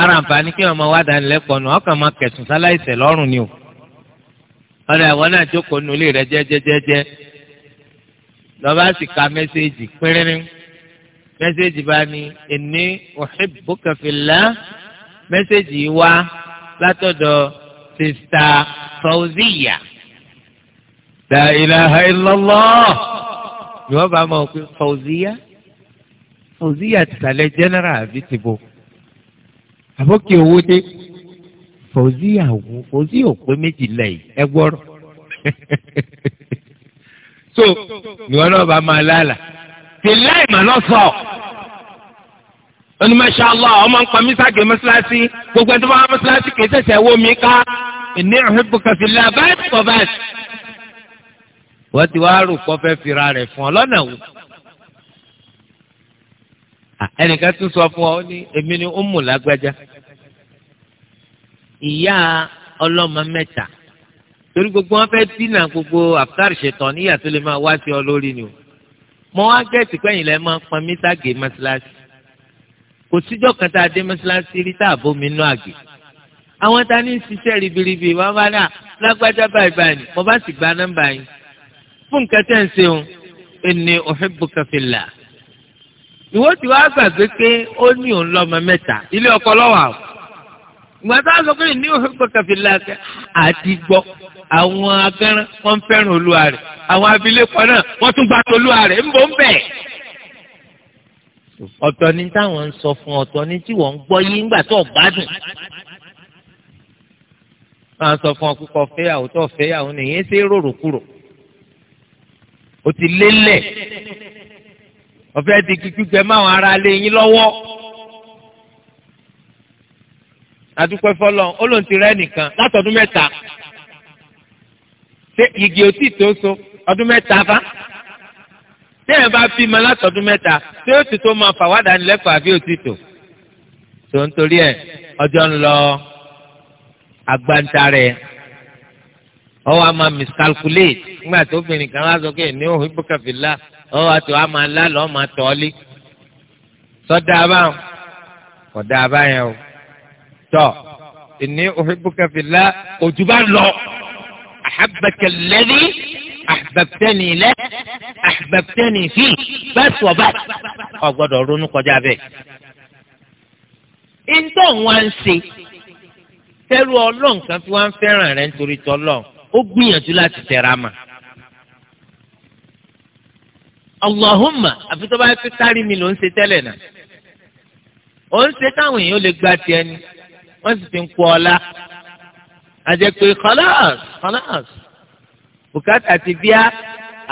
ara àǹfààní kí wọn máa wá dánilẹ́kọ̀ọ́ nù ọkàn máa kẹ̀sùn sáláìsẹ̀ lọ́rùn ni o ọ̀rẹ́ àwọn náà jókòó nulẹ̀ rẹ jẹ́jẹ́jẹ́jẹ́ lọ́ba sì ka mẹ́sẹ́ẹ̀jì pínrín mẹ́sẹ́ẹ̀jì bá ní inni uhibbuka fillah mẹ́sẹ́ẹ̀jì wá látọ̀dọ̀ sista Fauziya. la ilaha illallah ni wọ́n bá mọ̀ pé Fauziya Fauziya ti sàlẹ̀ general àbí ti bò àbókè owó dé Fauziya Fauziya ò pé méjìlá yìí ẹ gbọ́rọ̀. [laughs] tó ìwọ náà bá máa lálà tí láì mà lọ sọ oní masha Allah ọmọ nǹkan mi ságé mọ́ṣáláṣí gbogbo ẹni tó bá wà mọ́ṣáláṣí kì í ṣẹ̀ṣẹ̀ wó mi ká inni uhibbuka fillah báyìí kọ́ báyìí. wọ́n ti wá rò kọ́ fira rẹ̀ fún ọ lọ́nà wò ẹnìkan tún sọ fún ọ ní èmi ni ó mú lágbájá ìyá ọlọ́mọ mẹ́ta torí gbogbo wọn fẹ́ dínà gbogbo àfikáàrì ṣetán níyà tó lè máa wá sí ọ lórí ni o mọ wá gẹ̀ẹ́sì pẹ́yìn lẹ́ máa pọn mítà gé mọ́ṣáláṣí kò síjọ́ kan tá a dé mọ́ṣáláṣí rí tá a bó mi nú àgè àwọn tá a ní ṣiṣẹ́ ribiribi wọn bá dà lágbájá báyìí báyìí mo bá sì gba nọ́mbà yín fún nǹkan ń ṣeun ẹni uhibbuka fillah ìwọ tí wàá gbàgbé pé ó ní òun lọ́mọ mẹ́ta ilé ọkọ lọ́wọ́ àwọn ìgbà tá a sọ pé ní uhibbuka fillah àti gbọ́ àwọn agánrán wọ́n ń fẹ́ràn olúwa rẹ̀ àwọn abilékọ náà wọ́n tún gba tolúwa rẹ̀ ń bọ̀ ń bẹ̀. ọ̀tọ̀ ni táwọn ń sọ fún ọ̀tọ̀ ni tí wọ́n ń gbọ́ yìí ńgbà tó gbádùn. máa ń sọ fún ọkùnkọ fẹ́yàwó tó fẹ́yàwó nìyẹn ṣe rorò kúrò. o ti lélẹ̀ ọ̀fẹ́ ti kíkú jẹ máwọn ará lé yín lọ́wọ́ adúpẹ́ fọlọ́ ó lóun ti rẹ́ nìkan látọ̀dún mẹ́ta ṣé igi otí tó so ọdún mẹ́ta fa tí ẹ̀ bá fi ma látọ̀dún mẹ́ta tí ó ti tó máa fàwádà nílẹ́kọ̀ọ́ àbí òtítọ́ tó ń torí ẹ̀ ọjọ́ ń lọ agbantarẹ̀ ọwọ́ a máa miscalculate nígbà tó obìnrin kan wá sọ pé ní òun ìbùkàfìlà ọwọ́ àti wàá máa lálọ́ máa tọ́ lé sọ́dà abáwọn kọ̀dà abáyẹn o tọ́ ìní òun ìbùkàfìlà òjú bá lọ. أحبك الذي أحببتني له أحببتني فيه بس وبس ọgbọ́dọ̀ ronú kọjá bẹ́ẹ̀. ìtọ́ wọn ń ṣe tẹ́rù ọlọ́run kan tí wọ́n ń fẹ́ràn rẹ̀ nítorí tọ́lọ́ ó gbìyànjú láti tẹ̀ra mà. Allahumma àfi tó bá fi kárí mi ló ń ṣe tẹ́lẹ̀ náà. ó ń ṣe táwọn èèyàn lè gba tiẹ̀ ni wọ́n sì ti ń kú ọlá àjẹ pé kọlọ́ọ̀s kọlọ́ọ̀s bùkátà ti bíá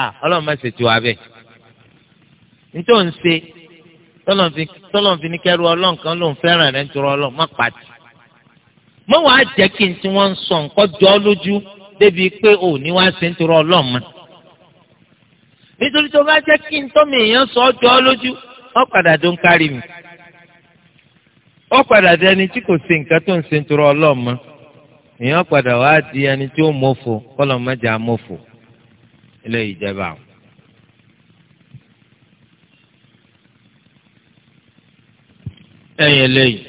à ọlọ́run máa ṣètò abẹ́ nítorí òun ṣe tọ́lọ́nfin ní kẹrù ọlọ́run kan lòún fẹ́ràn rẹ̀ nítorí ọlọ́run má pàtì mọ́ wàá jẹ́ kí n tí wọ́n ń sọ nǹkan jọ ọ́ lójú débi pé ò ní wá sí nítorí ọlọ́run mọ́ nítorí tó bá jẹ́ kí n tọ́mọ èèyàn sọ ọ́ jọ ọ́ lójú ó padà tó ń kárí mi ó padà dẹni tí kò ṣe nǹkan tó ń ṣe nítorí ọlọ́run mọ́ èèyàn padà wá di ẹni tí ó mọ̀fò kọ́lọ̀ mẹ́jà mọ̀fò ilé ìjẹba. lẹ́yìn eléyìí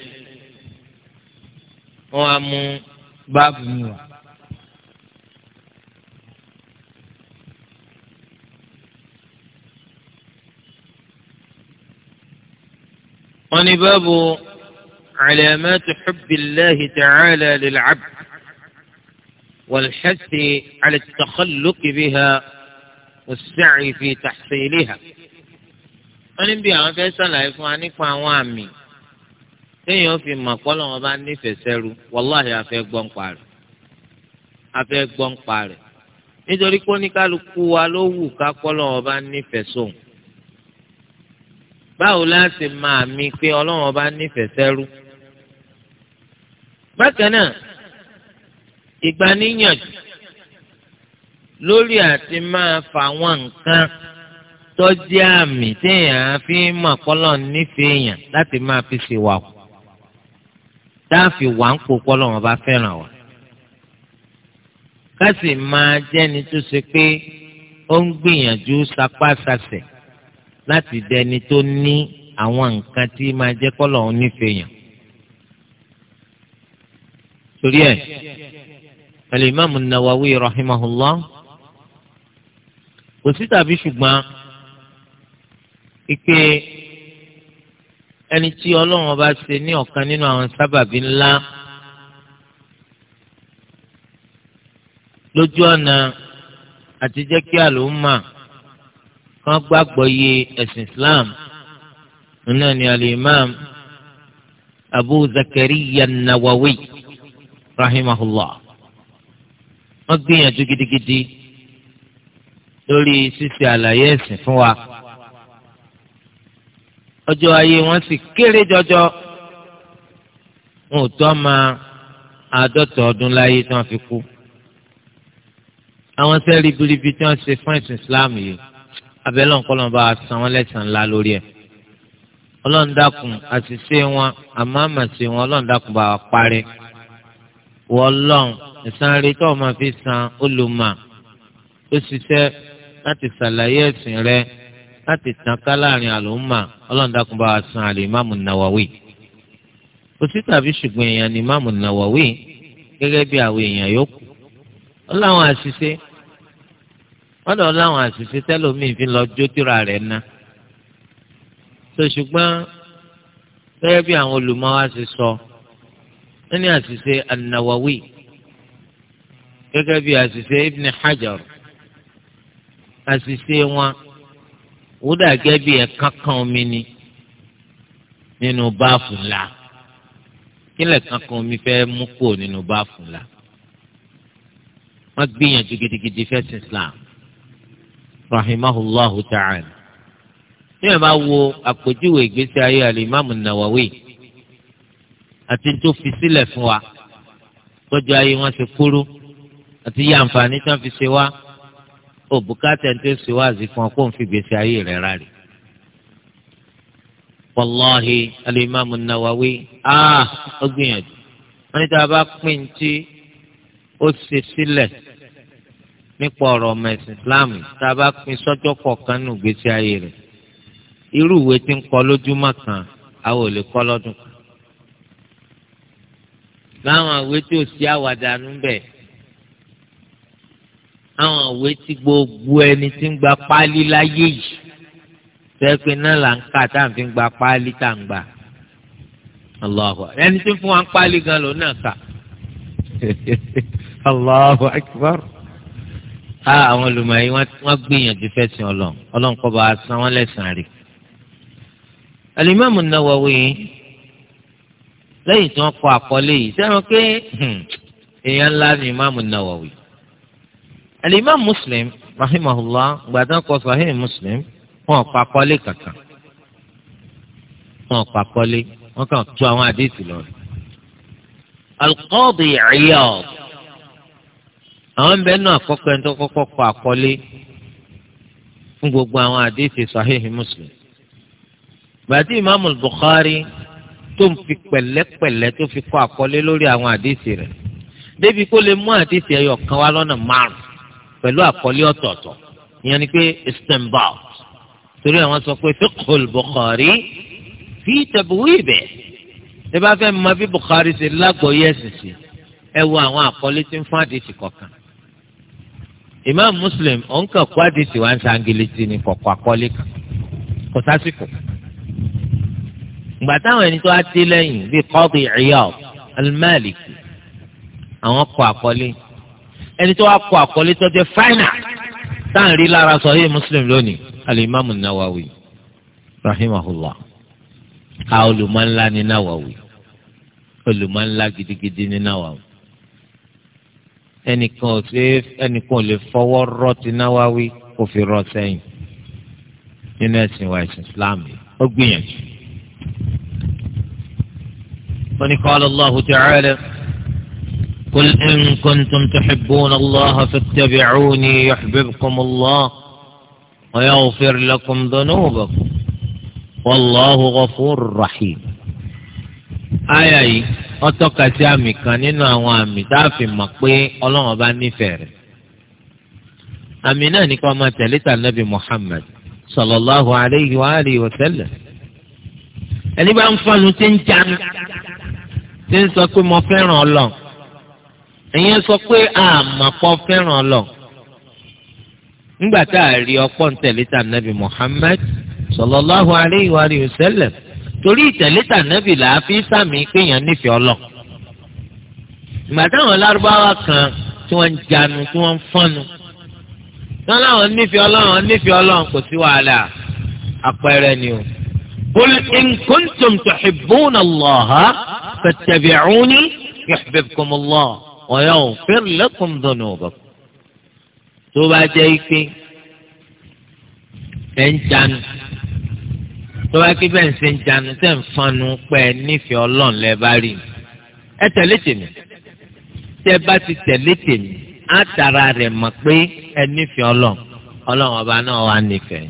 wọ́n á mú báàbù mi wá. wọ́n ní báàbù علامات حب الله تعالى للعبد والحث على التخلق بها والسعي في تحصيلها wọ́n ní bí àwọn fẹ́ sàlàyé fún wa nípa àwọn àmì téèyàn fi mọ̀ pọ́lọ́ wọn bá nífẹ̀ẹ́ sẹ́rú wàláhì àfẹ́ gbọ́n pa rẹ̀ àfẹ́ gbọ́n pa nítorí pé oníkálukú wa ló wù ká pọ́lọ́ wọn bá nífẹ̀ẹ́ sóun báwo láti máa mi pé ọlọ́wọ́n bá nífẹ̀ẹ́ sẹ́rú bákan náà ìgbà níyànjú lórí àti máa fà wọn nǹkan tọ́jú àmì téèyàn fi mọ̀ kọ́lọ̀ nífẹ̀ẹ́ èèyàn láti máa fi ṣèwà kù dáàfin wà ń kó kọ́lọ̀ wọn bá fẹ́ràn wa. ká sì máa jẹ́ni tó ṣe pé ó ń gbìyànjú sapá láti dẹni tó ní àwọn nǹkan tí máa jẹ́ kọ́lọ̀ wọn nífẹ̀ẹ́ èèyàn. torí ẹ̀. الإمام النووي رحمه الله sí tàbí ṣùgbọ́n ike ẹni tí ọlọ́run ọba ṣe ní ọ̀kan nínú àwọn sábàbí ńlá lójú ọ̀nà àti jẹ́ kí àlùmà kan gbàgbọ́ yé ẹ̀sìn Islam náà ni alimam Abu Zakariya Nawawi rahimahullah wọ́n gbìyànjú gidigidi lórí ṣíṣe àlàyé ẹ̀sìn fún wa ọjọ́ ayé wọn sì kéré jọjọ wọn ò tọ́ ma àádọ́ta ọdún láyé tí wọ́n fi kú àwọn ṣẹ́ ribiribi tí wọ́n ṣe fún ẹ̀sìn Islam yìí abẹ́lẹ́ ọ̀kọ́lọ́n bá san wọ́n lẹ́sàn-án ńlá lórí ẹ̀ ọlọ́run dákun àṣìṣe wọn àmọ́ àmàṣe wọn ọlọ́run bá wa parí wọ́n lọ́run ẹ̀san rẹ tó o máa fi san olùmọ̀ ó ṣiṣẹ́ láti ṣàlàyé ẹ̀sìn rẹ láti tàn ká láàrin àlùmọ̀ ọlọ́ọ̀dàkùn bá àlè ìmáàmù Nawawi kò tàbí ṣùgbọ́n èèyàn ni ìmáàmù Nawawi gẹ́gẹ́ bí àwọn èèyàn yòókù ó láwọn àṣìṣe wọ́n lọ láwọn àṣìṣe tẹ́lómi fi lọ jó tíra rẹ̀ ná tó ṣùgbọ́n gẹ́gẹ́ bí àwọn olùmọ̀ wa ṣe sọ wọ́n ní àṣìṣe an gẹ́gẹ́ bí àṣìṣe Ibn Hajar àṣìṣe wọn ó dàgẹ́ bí ẹ̀ka kan omi ni nínú báàfù ńlá kílẹ̀ kan kan omi fẹ́ mú kó nínú báàfù ńlá wọ́n gbìyànjú gidigidi fẹ́sìn Islam rahimahullahu ta'ala ní ẹ̀ máa wo àpèjúwe ìgbésí ayé alimami Nawawi àti tó fi sílẹ̀ fún wa tọ́jú ayé wọn ṣe kúrú àti yí àǹfààní tí wọ́n fi ṣe wá òbúkátà tó ṣe wá àzì fún ọ kó n fi gbèsè ayé rẹ̀ rárẹ̀. wàláhi alimami nawawi ah ó gbìyànjú wọ́n ní tí a bá pín tí ó ṣe sílẹ̀ nípa ọ̀rọ̀ ọmọ ẹ̀sìn islam tá a bá pín sọ́jọ́ kọ̀ọ̀kan nù gbèsè ayé rẹ̀ irú ìwé tí ń kọ lójúmọ́ kan àwọn ò lè kọ lọ́dún kan. láwọn ìwé tí ò sí àwàdà nù bẹ́ẹ̀ àwọn òwe tí gbogbo ẹni tí ń gba páálí láyé yìí sẹ́pẹ́ náà là ń kà tá à ń fi gba páálí tá à ń gbà Allahu ẹni tí ń fún wa ń páálí gan ló náà kà [laughs] Allahu akbar a àwọn olùmọ̀ọ́yìn wọ́n gbìyànjú fẹ́sìn ọlọ́run ọlọ́run kọ́ bá a san wọ́n lẹ́sàn-án rẹ̀ Al-Imam An-Nawawi lẹ́yìn tí wọ́n kọ àkọlé yìí sẹ́wọ̀n pé hmm, èèyàn ńlá ni Imam An-Nawawi alimam muslim rahimahullah gbàdán kọ sahih muslim wọn pa kọ́lé kankan wọn pa kọ́lé wọn kàn tu àwọn àdéhìí lọ. alqadi Iyad àwọn bẹ́ẹ̀ náà kọ́kọ́ ẹni tó kọ́kọ́ kọ àkọ́lé fún gbogbo àwọn àdéhìí sahih muslim. gbàdí imaamu bukhari tó ń fi pẹ̀lẹ́pẹ̀lẹ́ tó fi kọ àkọ́lé lórí àwọn àdéhìí rẹ̀ débi kó lè mú àdéhìí ẹyọ kan wá lọ́nà márùn-ún pẹ̀lú àkọlé ọ̀tọ̀ọ̀tọ̀ ìyẹn ni pé istanbul torí àwọn sọ pé fiqhul bukhari fi tabwibi ẹ bá fẹ́ mọ bí bukhari ṣe lágbọ̀ọ́yé ẹ̀sìn sí ẹ wo àwọn àkọlé tí ń fún àdìsí kọ̀ọ̀kan imam muslim ònkà kó àdìsí wa ń sangilétí ni kọ̀ọ̀kọ̀ àkọlé kan kò sásìkò ìgbà táwọn ẹni tó á dé lẹ́yìn bíi qadi iyad al àwọn kọ àkọlé ẹni tó wá kọ àkọlé tó jẹ́ fáínà táà ń rí lára Sahih Muslim lónìí alimami Nawawi rahimahullah a olùmọ̀nlá ni Nawawi olùmọ̀nlá gidigidi ni Nawawi ẹnìkan ò sí ẹnìkan ò lè fọwọ́ rọ́ ti Nawawi kó fi rọ́ sẹ́yìn nínú ẹ̀sìn wa ẹ̀sìn Islam ó gbìyànjú. wọ́n ní qala Allahu ta'ala. قل إن كنتم تحبون الله فاتبعوني يحببكم الله ويغفر لكم ذنوبكم والله غفور رحيم آي آي أتوكا جامي كانين وامي دافي مقبي ألوه باني فير أميناني كما تلت النبي محمد صلى الله عليه وآله وسلم أني بأنفعل تنجان تنسى كم الله ìyẹn sọ pé àmàpọ̀ fẹ́ràn lọ nígbà tá a rí ọ̀pọ̀ ntẹ̀lẹ́tà nàbì Muhammad sallallahu alayhi wa sallam torí ìtẹ̀lẹ́tà nàbì làá fi sàmì péyàn nífẹ̀ẹ́ ọlọ. ìgbà táwọn lárúbáwá kan tí wọ́n ń janu tí wọ́n ń fọ́nu tán láwọn nífẹ̀ẹ́ ọlọ́run nífẹ̀ẹ́ ọlọ́run kò sí wàhálà àpẹẹrẹ ni o. qul in kuntum tuhibbuna Allaha fattabi'uni yuhbibkum Allah wa yaghfir lakum dhunubakum tó bá jẹ́ ike ẹ̀ ń janu tó bá kí bẹ́ẹ̀ ń ṣe ń janu tẹ̀ ń fanu pẹ́ nífẹ̀ẹ́ ọlọ́run lẹ́ bá rí mi ẹ tẹ̀lé tèmi tẹ́ bá ti tẹ̀lé tèmi á tara rẹ̀ mọ̀ pé ẹ nífẹ̀ẹ́ ọlọ́run ọlọ́run ọba náà wà nífẹ̀ẹ́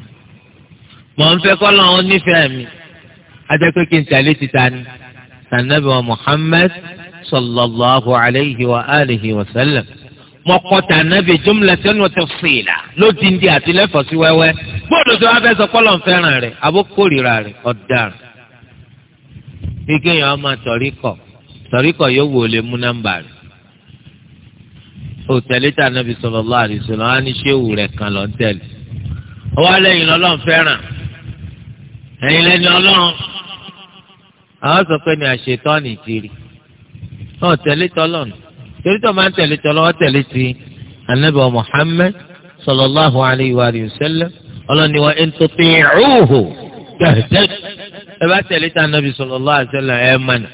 mọ̀ ń fẹ́ kọ́ lọ́run nífẹ̀ẹ́ mi á jẹ́ tẹ̀lé ti ta ni sànẹ́bí wa Muhammad sallallahu alayhi wa alihi wa sallam mọ̀kọ́tà nàbì jumlatan wa tafsila ló di ndí àti lẹ́fọ̀sí wẹ́wẹ́ gbọ́dọ̀ tó wá fẹ́ sọ pọ́lọ̀ fẹ́ràn rẹ̀ àbó kórìíra rẹ̀ ọ̀daràn. bí kéèyàn á máa tọ̀rí kọ̀ tọ̀rí kọ̀ yóò wò lè mú nọ́mbà rẹ̀. òtẹ̀lẹ́ tà nàbì sallallahu alayhi wa sallam á ní ṣéwù rẹ̀ kan lọ́n tẹ̀lé. ọwọ́ lẹ́yìn lọ́lọ́run fẹ́ràn ẹ̀yìn lẹ́ni ọlọ́run àwọn sọ pé ni àṣetọ́ nìjírí ọ tẹ̀lé tọlọ́n torí tó máa ń tẹ̀lé tọlọ́n ọ tẹ̀lé ti anabi wa muhammed sallallahu alayhi wa sallam ọlọ́ni wa in tuti'uhu tahtad ẹ bá tẹ̀lé tí anabi sallallahu alayhi wa sallam ẹ mọ̀nà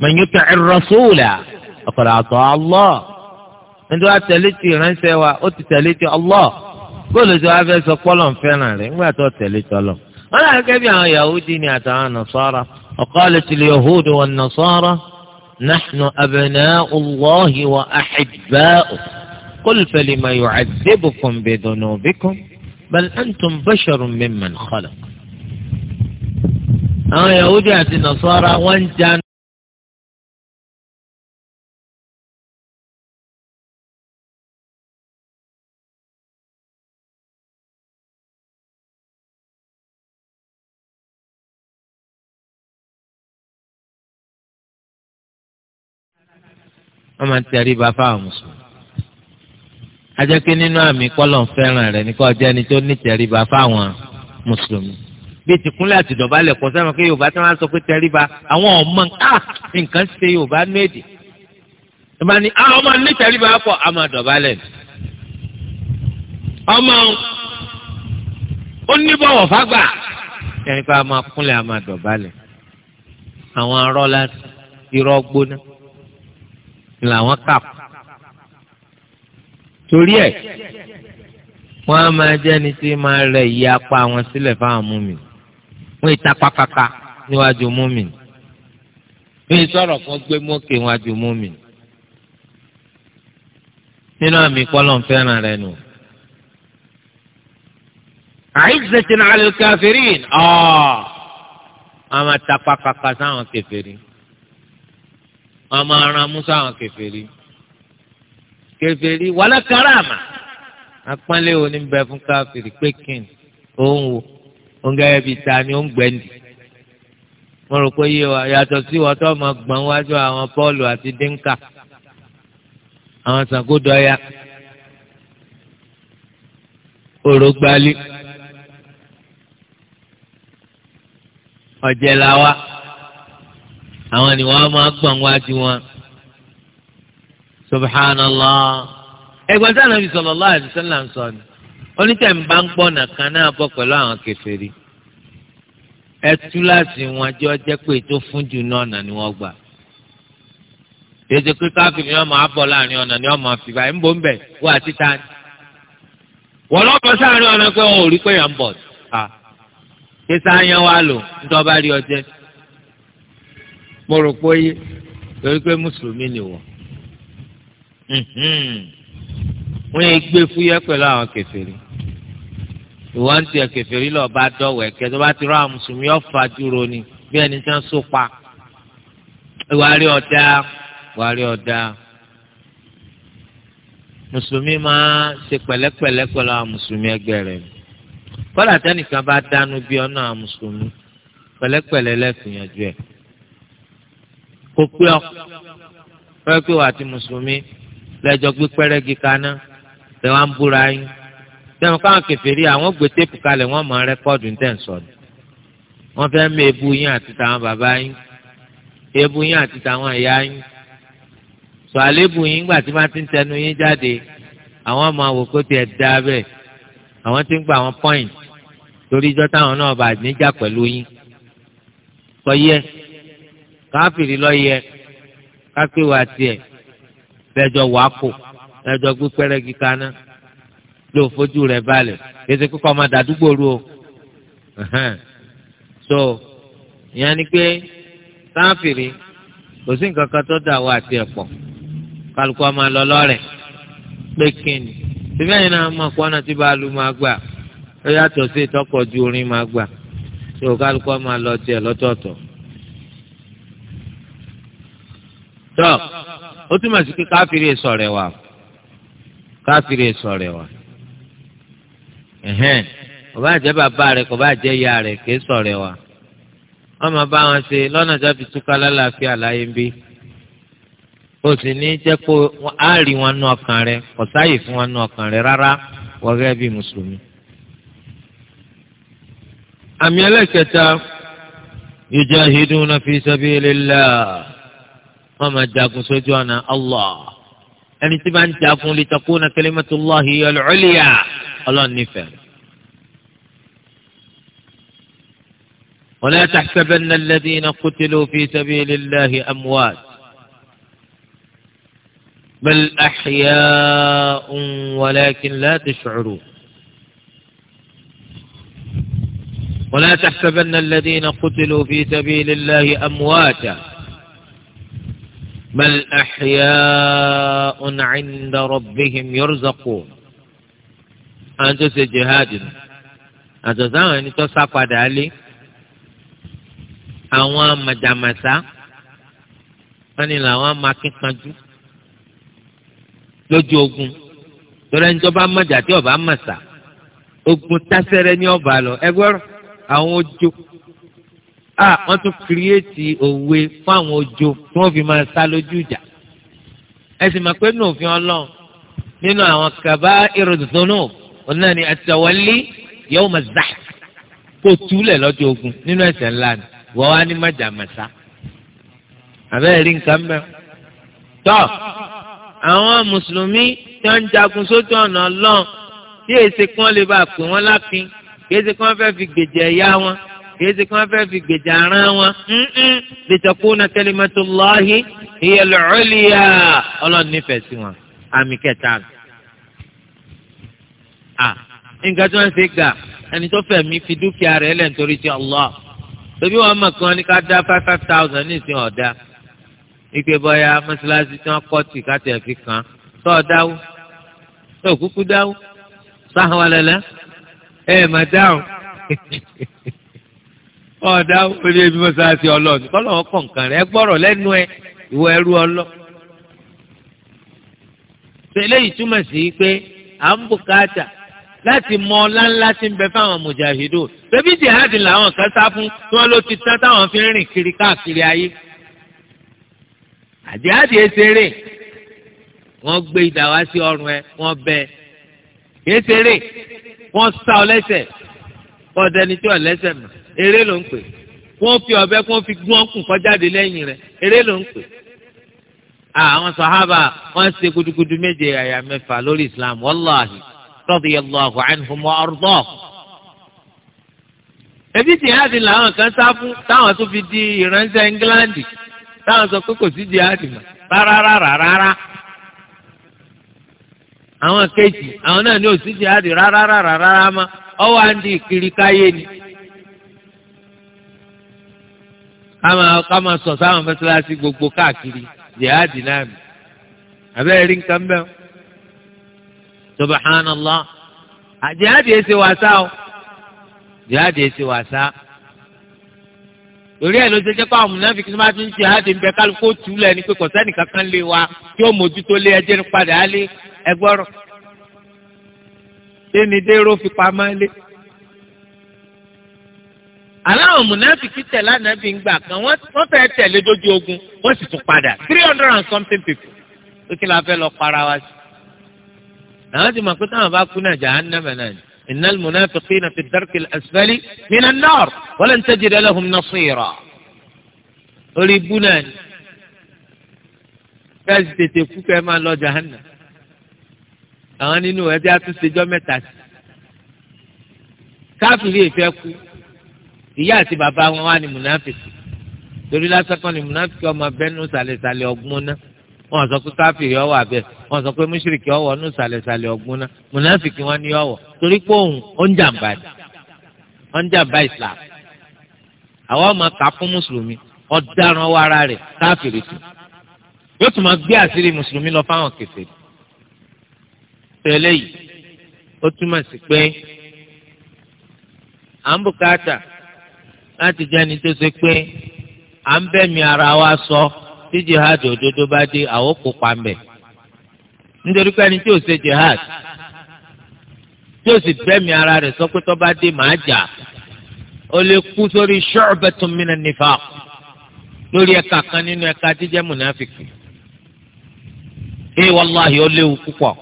man yuti'ir rasula faqad ata'a Allah ẹni tó wá tẹ̀lé ti ránṣẹ́ wa ó ti tẹ̀lé ti Allah bóòlù tí wá fẹ́ sọ pọ́lọ̀ ń fẹ́ràn rẹ̀ nígbà نحن أبناء الله وأحباؤه قل فلم يعذبكم بذنوبكم بل أنتم بشر ممن خلق آه يا وجهة النصارى وانت wọ́n máa ń tẹríba fáwọn mùsùlùmí ajẹ́kí nínú àmì kọ́lọ̀ fẹ́ràn rẹ̀ ní kọ́ jẹ́ ẹni tó ní tẹríba fáwọn mùsùlùmí bíi tìkúnlẹ̀ àti dọ̀bálẹ̀ kọ́ sẹ́wọ̀n pé yorùbá tí wọ́n sọ pé tẹríba àwọn ọmọ nǹkan ṣe yorùbá nú èdè ẹ ah, máa ní àwọn ọmọ ní tẹríba pọ̀ a máa ni ọmọ ó ní bọ̀wọ̀ fágbà ẹni pé a máa kúnlẹ̀ a máa dọ̀bálẹ̀ àwọn arọ́ láti irọ́ gbóná làwọn kà torí ẹ̀ wọ́n á máa jẹ́ ẹni tí máa rẹ̀ yí apá wọn sílẹ̀ fáwọn múmi wọ́n ìta pápáká níwájú múmi wọ́n ìsọ̀rọ̀ kan gbé mókè níwájú múmi nínú àmì kọ́lọ́n fẹ́ràn rẹ̀ nù. àìsètìlá alẹ́ kẹfìrín ọ̀ àwọn máa ta pápáká sáwọn kẹfìrín wọn máa musa àwọn kèfèrí kèfèrí wàlẹ karama apọnlé òní bẹ fún káfíìrì pé kín òun wò òun gẹ́gẹ́ bíi ta ni ó ń gbẹndì mo rò pé yé wa yàtọ̀ sí wọn tó máa gbọ̀n wájú àwọn pọ́ọ̀lù àti dínkà àwọn sàgódọ́yà òrògbálí ọ̀jẹ̀láwa. àwọn ni wọn máa gbọ̀n wọn. subhanallah ẹgbẹ́ tí Ànábì sallallahu alaihi wasallam ń sọ ni onítẹ̀mbá ń gbọ́ nàkan náà bọ̀ pẹ̀lú àwọn kèfèrí ẹ tú láti wọn jọ jẹ́ pé tó fún jù náà nà ni wọ́n gbà ètò láàrin ọ̀nà ni ń bọ̀ ń bẹ̀ ni wọ́n mo rò pé yé torí pé mùsùlùmí ni wọ́n mhm. wọ́n yẹ gbé fúyẹ́ pẹ̀lú àwọn kèfèrí ìwọ ń tiẹ̀ kèfèrí lọ bá dọ̀wọ̀ ẹ̀kẹ́ tó bá ti rọ àwọn mùsùlùmí ọ̀fà dúró ni bí ẹni tí so pa ìwà rí ọ̀dà ìwà rí ọ̀dà mùsùlùmí máa ṣe pẹ̀lẹ́pẹ̀lẹ́ pẹ̀lú àwọn mùsùlùmí ẹgbẹ́ rẹ̀ kọ́lá tẹ́nìkan bá dánú bí ọ̀nà àwọn mùsùlùmí pẹ̀lẹ́pẹ̀lẹ́ lẹ́sìn yẹn jù ẹ̀ kò pé ọ fẹ́ pé wà á ti mùsùlùmí lẹ́jọ́ gbé pẹ́rẹ́gì kaná lẹ́ wá ń búra yín sẹ́wọ̀n káwọn kẹfẹ́rí àwọn gbé téèpù kalẹ̀ wọ́n mọ̀ rẹ́kọ́ọ̀dù tẹ̀ ń sọ ni wọ́n fẹ́ mú ebu yín àti tàwọn bàbá yín ebu yín àti tàwọn ìyá yín sọ àlébù yín gbà tí wọ́n ti ń tẹnu yín jáde àwọn ọmọ àwòkọ́ tiẹ̀ dá bẹ́ẹ̀ àwọn ti ń gba àwọn pọ́ìntì torí ijọ́ táwọn náà bá níjà pẹ̀lú yín sọ yẹ. yeah káfìrí lọ yẹ kápẹ́ wà tiẹ̀ bẹ́ẹ̀jọ wàá kò ẹ̀jọ gbé pẹ́rẹ́gì kaná ló fojú rẹ̀ balẹ̀ kéde kíkọ́ ọmọ dàdúgbò ru o so ìyẹn ni pé káfìrí kò sí nǹkan kan tó dà wá tiẹ̀ pọ̀ kálukú ọmọ lọ lọ́rẹ̀ pé kíni síbẹ̀ yìí náà mọ̀ pọ́nà tí bá lu máa gbà ó yàtọ̀ sí ìtọ́kọ̀ ju orin máa gbà so kálukú ọmọ lọ tiẹ̀ lọ́tọ̀ọ̀tọ̀. tọ́ ó túmọ̀ sí pé káfíìrì èso rẹ̀ wà káfíìrì èso rẹ̀ wà ẹ̀hẹ́n kò bá jẹ́ bàbá rẹ̀ kò bá jẹ́ ìyá rẹ̀ kì í sọ rẹ̀ wà wọ́n máa bá wọn ṣe lọ́nà tó fi túká lálàáfíà láyé ń bí o sì ní jẹ́ kó á rí wọn nú ọkàn rẹ̀ kò sáàyè fún wọn nú ọkàn rẹ̀ rárá wọ́n gẹ́gẹ́ bí mùsùlùmí. àmì ẹlẹ́kẹta yujahiduna fi sabilillah. wọ́n máa jagun sójú ọ̀nà Allah ẹni tí bá ń jagun li takuna kalimatullahi al-ulya ọlọ́run nífẹ̀ẹ́. ولا تحسبن الذين قتلوا في سبيل الله أموات بل أحياء ولكن لا تشعرون ولا تحسبن الذين قتلوا في سبيل الله أمواتا بل أحياء عند ربهم يرزقون أنت جهاد أنت زمان أنت ساقا دالي àwọn màjàmásá wọn ni làwọn makínkanjú lójú ogun lórí ẹni tó bá mọ̀jà tí ọba mọ̀sá ogun tásẹ̀rẹ̀ ní ọba lọ ẹgbẹ́rún àwọn ojú a ah, wọ́n tún kírìẹ́tì òwe fáwọn ojo tí wọ́n fi máa sá lójú ìjà ẹ sì mọ̀ pé nínú ọlọ́run nínú àwọn kaba iròdòdónù ọ̀nà ni àtẹ̀wọ́lé yẹ́wò máa zà kó túlẹ̀ lọ́jọ́ ogun nínú ẹ̀ṣẹ̀ ńlá ni wọ́n wá ní májà màsá àbẹ́rẹ́ rí nǹkan mẹ́ tọ́ àwọn mùsùlùmí tí wọ́n ń jagun sójú ọ̀nà ọlọ́run tí èsì kan lè bá pè wọ́n lápin kí èsì kan fẹ́ fi gbèjẹ̀ ẹ̀yà wọn kìí ṣe kí wọ́n fẹ́ fi gbèjà ara wọn litakuna kalimatullahi hiya al-ulya ọlọ́run nífẹ̀ẹ́ sí wọn àmì kẹta. nǹkan tí wọ́n ṣe gà ẹni tó fẹ̀mí fi dúkìá rẹ̀ lẹ̀ nítorí ti Allah tóbi wọn mọ̀ kí wọ́n ní ká dá five five thousand ní ìsìn ọ̀dà ike bọ́yá mọ́ṣáláṣí tí wọ́n kọ́ tì káàtì fi kàn tó ọ̀dáwó tó kúkú dáwó sáwọn lẹ́lẹ́ ẹ̀ mà dáhùn. [laughs] ọ̀dà òde ibi mọ́sáàsì ọlọ́ọ̀ni kọ́lọ́wọ́ kọ̀ nǹkan rẹ̀ gbọ́rọ̀ lẹ́nu ẹ ìwọ ẹrú ọlọ́. tẹ́lẹ̀ yìí túmọ̀ sí pé à ń bùkátà láti mọ ńláńlá tí ń bẹ fáwọn mùjàhídò bébí jihadi làwọn kan sá fún tí wọ́n ló ti tán táwọn fi ń rìn kiri káàkiri ayé. àjihadi eṣeré wọ́n gbé idà wá sí ọrùn ẹ wọ́n bẹ eṣeré wọ́n sá ọ lẹ́sẹ̀ kọ́ ọdẹni tí ò lẹ́sẹ̀ mọ́. eré ló ń pè wọ́n fi ọ̀bẹ kí wọ́n fi gún ọkùn kọjáde lẹ́yìn rẹ. eré ló ń pè. àwọn sàhábà wọ́n ṣe gudugudu méje àyà mẹ́fà lórí islam wàláhì radiyallahu anhum wa ẹbí làwọn kan táwọn tó fi di ìránṣẹ́ England táwọn sọ pé kò sí jihadi mọ́ rárárárárá àwọn kejì àwọn náà ní òsì káyé ni. ká máa sọ sáwọn mọ́sálásí gbogbo káàkiri jihadi náà mi abẹ́rẹ́ rí nǹkan bẹ́ẹ̀ subhanallah jihadi ẹ̀ ṣe wàsá o jihadi ẹ̀ ṣe wàsá torí ẹ̀ ló ṣe jẹ́ pé àwọn mùnàfíkì tó máa tún jihadi ń bẹ kálukó túlẹ̀ ni pé kò sẹ́ni kankan lé wa tí ó mójútó lé ẹjẹ́ ní padà á lé ẹgbọ́rọ̀ kí ni dèrò fi pamọ́ lé aláwọn mùnáfíkì tẹ̀lé ànábì ńgbà kan wọ́n fẹ́ tẹ̀lé dójú ogun wọ́n sì tún padà three hundred and something people ó kí la fẹ́ lọ para wa sí. àwọn ti mọ̀ pé táwọn bá kú náà jahannama náà ni innal munafiqina fi darkil asfali minan nar walan tajida lahum nasira. orí ibú náà ni fẹ́ẹ́sì tètè kú kẹ́ máa lọ jahanna. àwọn nínú ẹbí àtúnṣe jọ mẹ́ta sí. káfíìrì ìyá àti bàbá wọn wà ní munafiki torí lásán kan ní munafiki ọmọ abẹ́nú sàlẹ̀sàlẹ̀ ọgbọ́n náà wọ́n sọ pé káfíìrì ọwọ abẹ wọ́n sọ pé mùsùlùkì ọwọ ọdún sàlẹ̀sàlẹ̀ ọgbọ́n náà munafiki wọn ní ọwọ torí pé òun ó ni ó ń jàǹbá islam àwọn ọmọ kà fún mùsùlùmí ọ̀daràn ọwọ ara rẹ̀ káfíìrì tù yóò tún máa gbé àṣírí mùsùlùmí lọ fáwọn kèfèrí tẹ́lẹ̀ yìí ó túmọ̀ sí pé à ń bùkátà láti jẹ́ ẹni tó ṣe pé à ń bẹ̀mí ara wa sọ tí jihad òdodo bá dé àwọn kò pa mbẹ̀ nítorí pé ẹni tí ò ṣe jihad tí ó sì bẹ́mi ara rẹ̀ sọ pé tó bá dé màá jà ó lè kú sórí shu'batun minan nifaq lórí ẹ̀ka kan nínú ẹ̀ka jíjẹ́ mùnáfìkì. ee eh, wàláhì ó léwu púpọ̀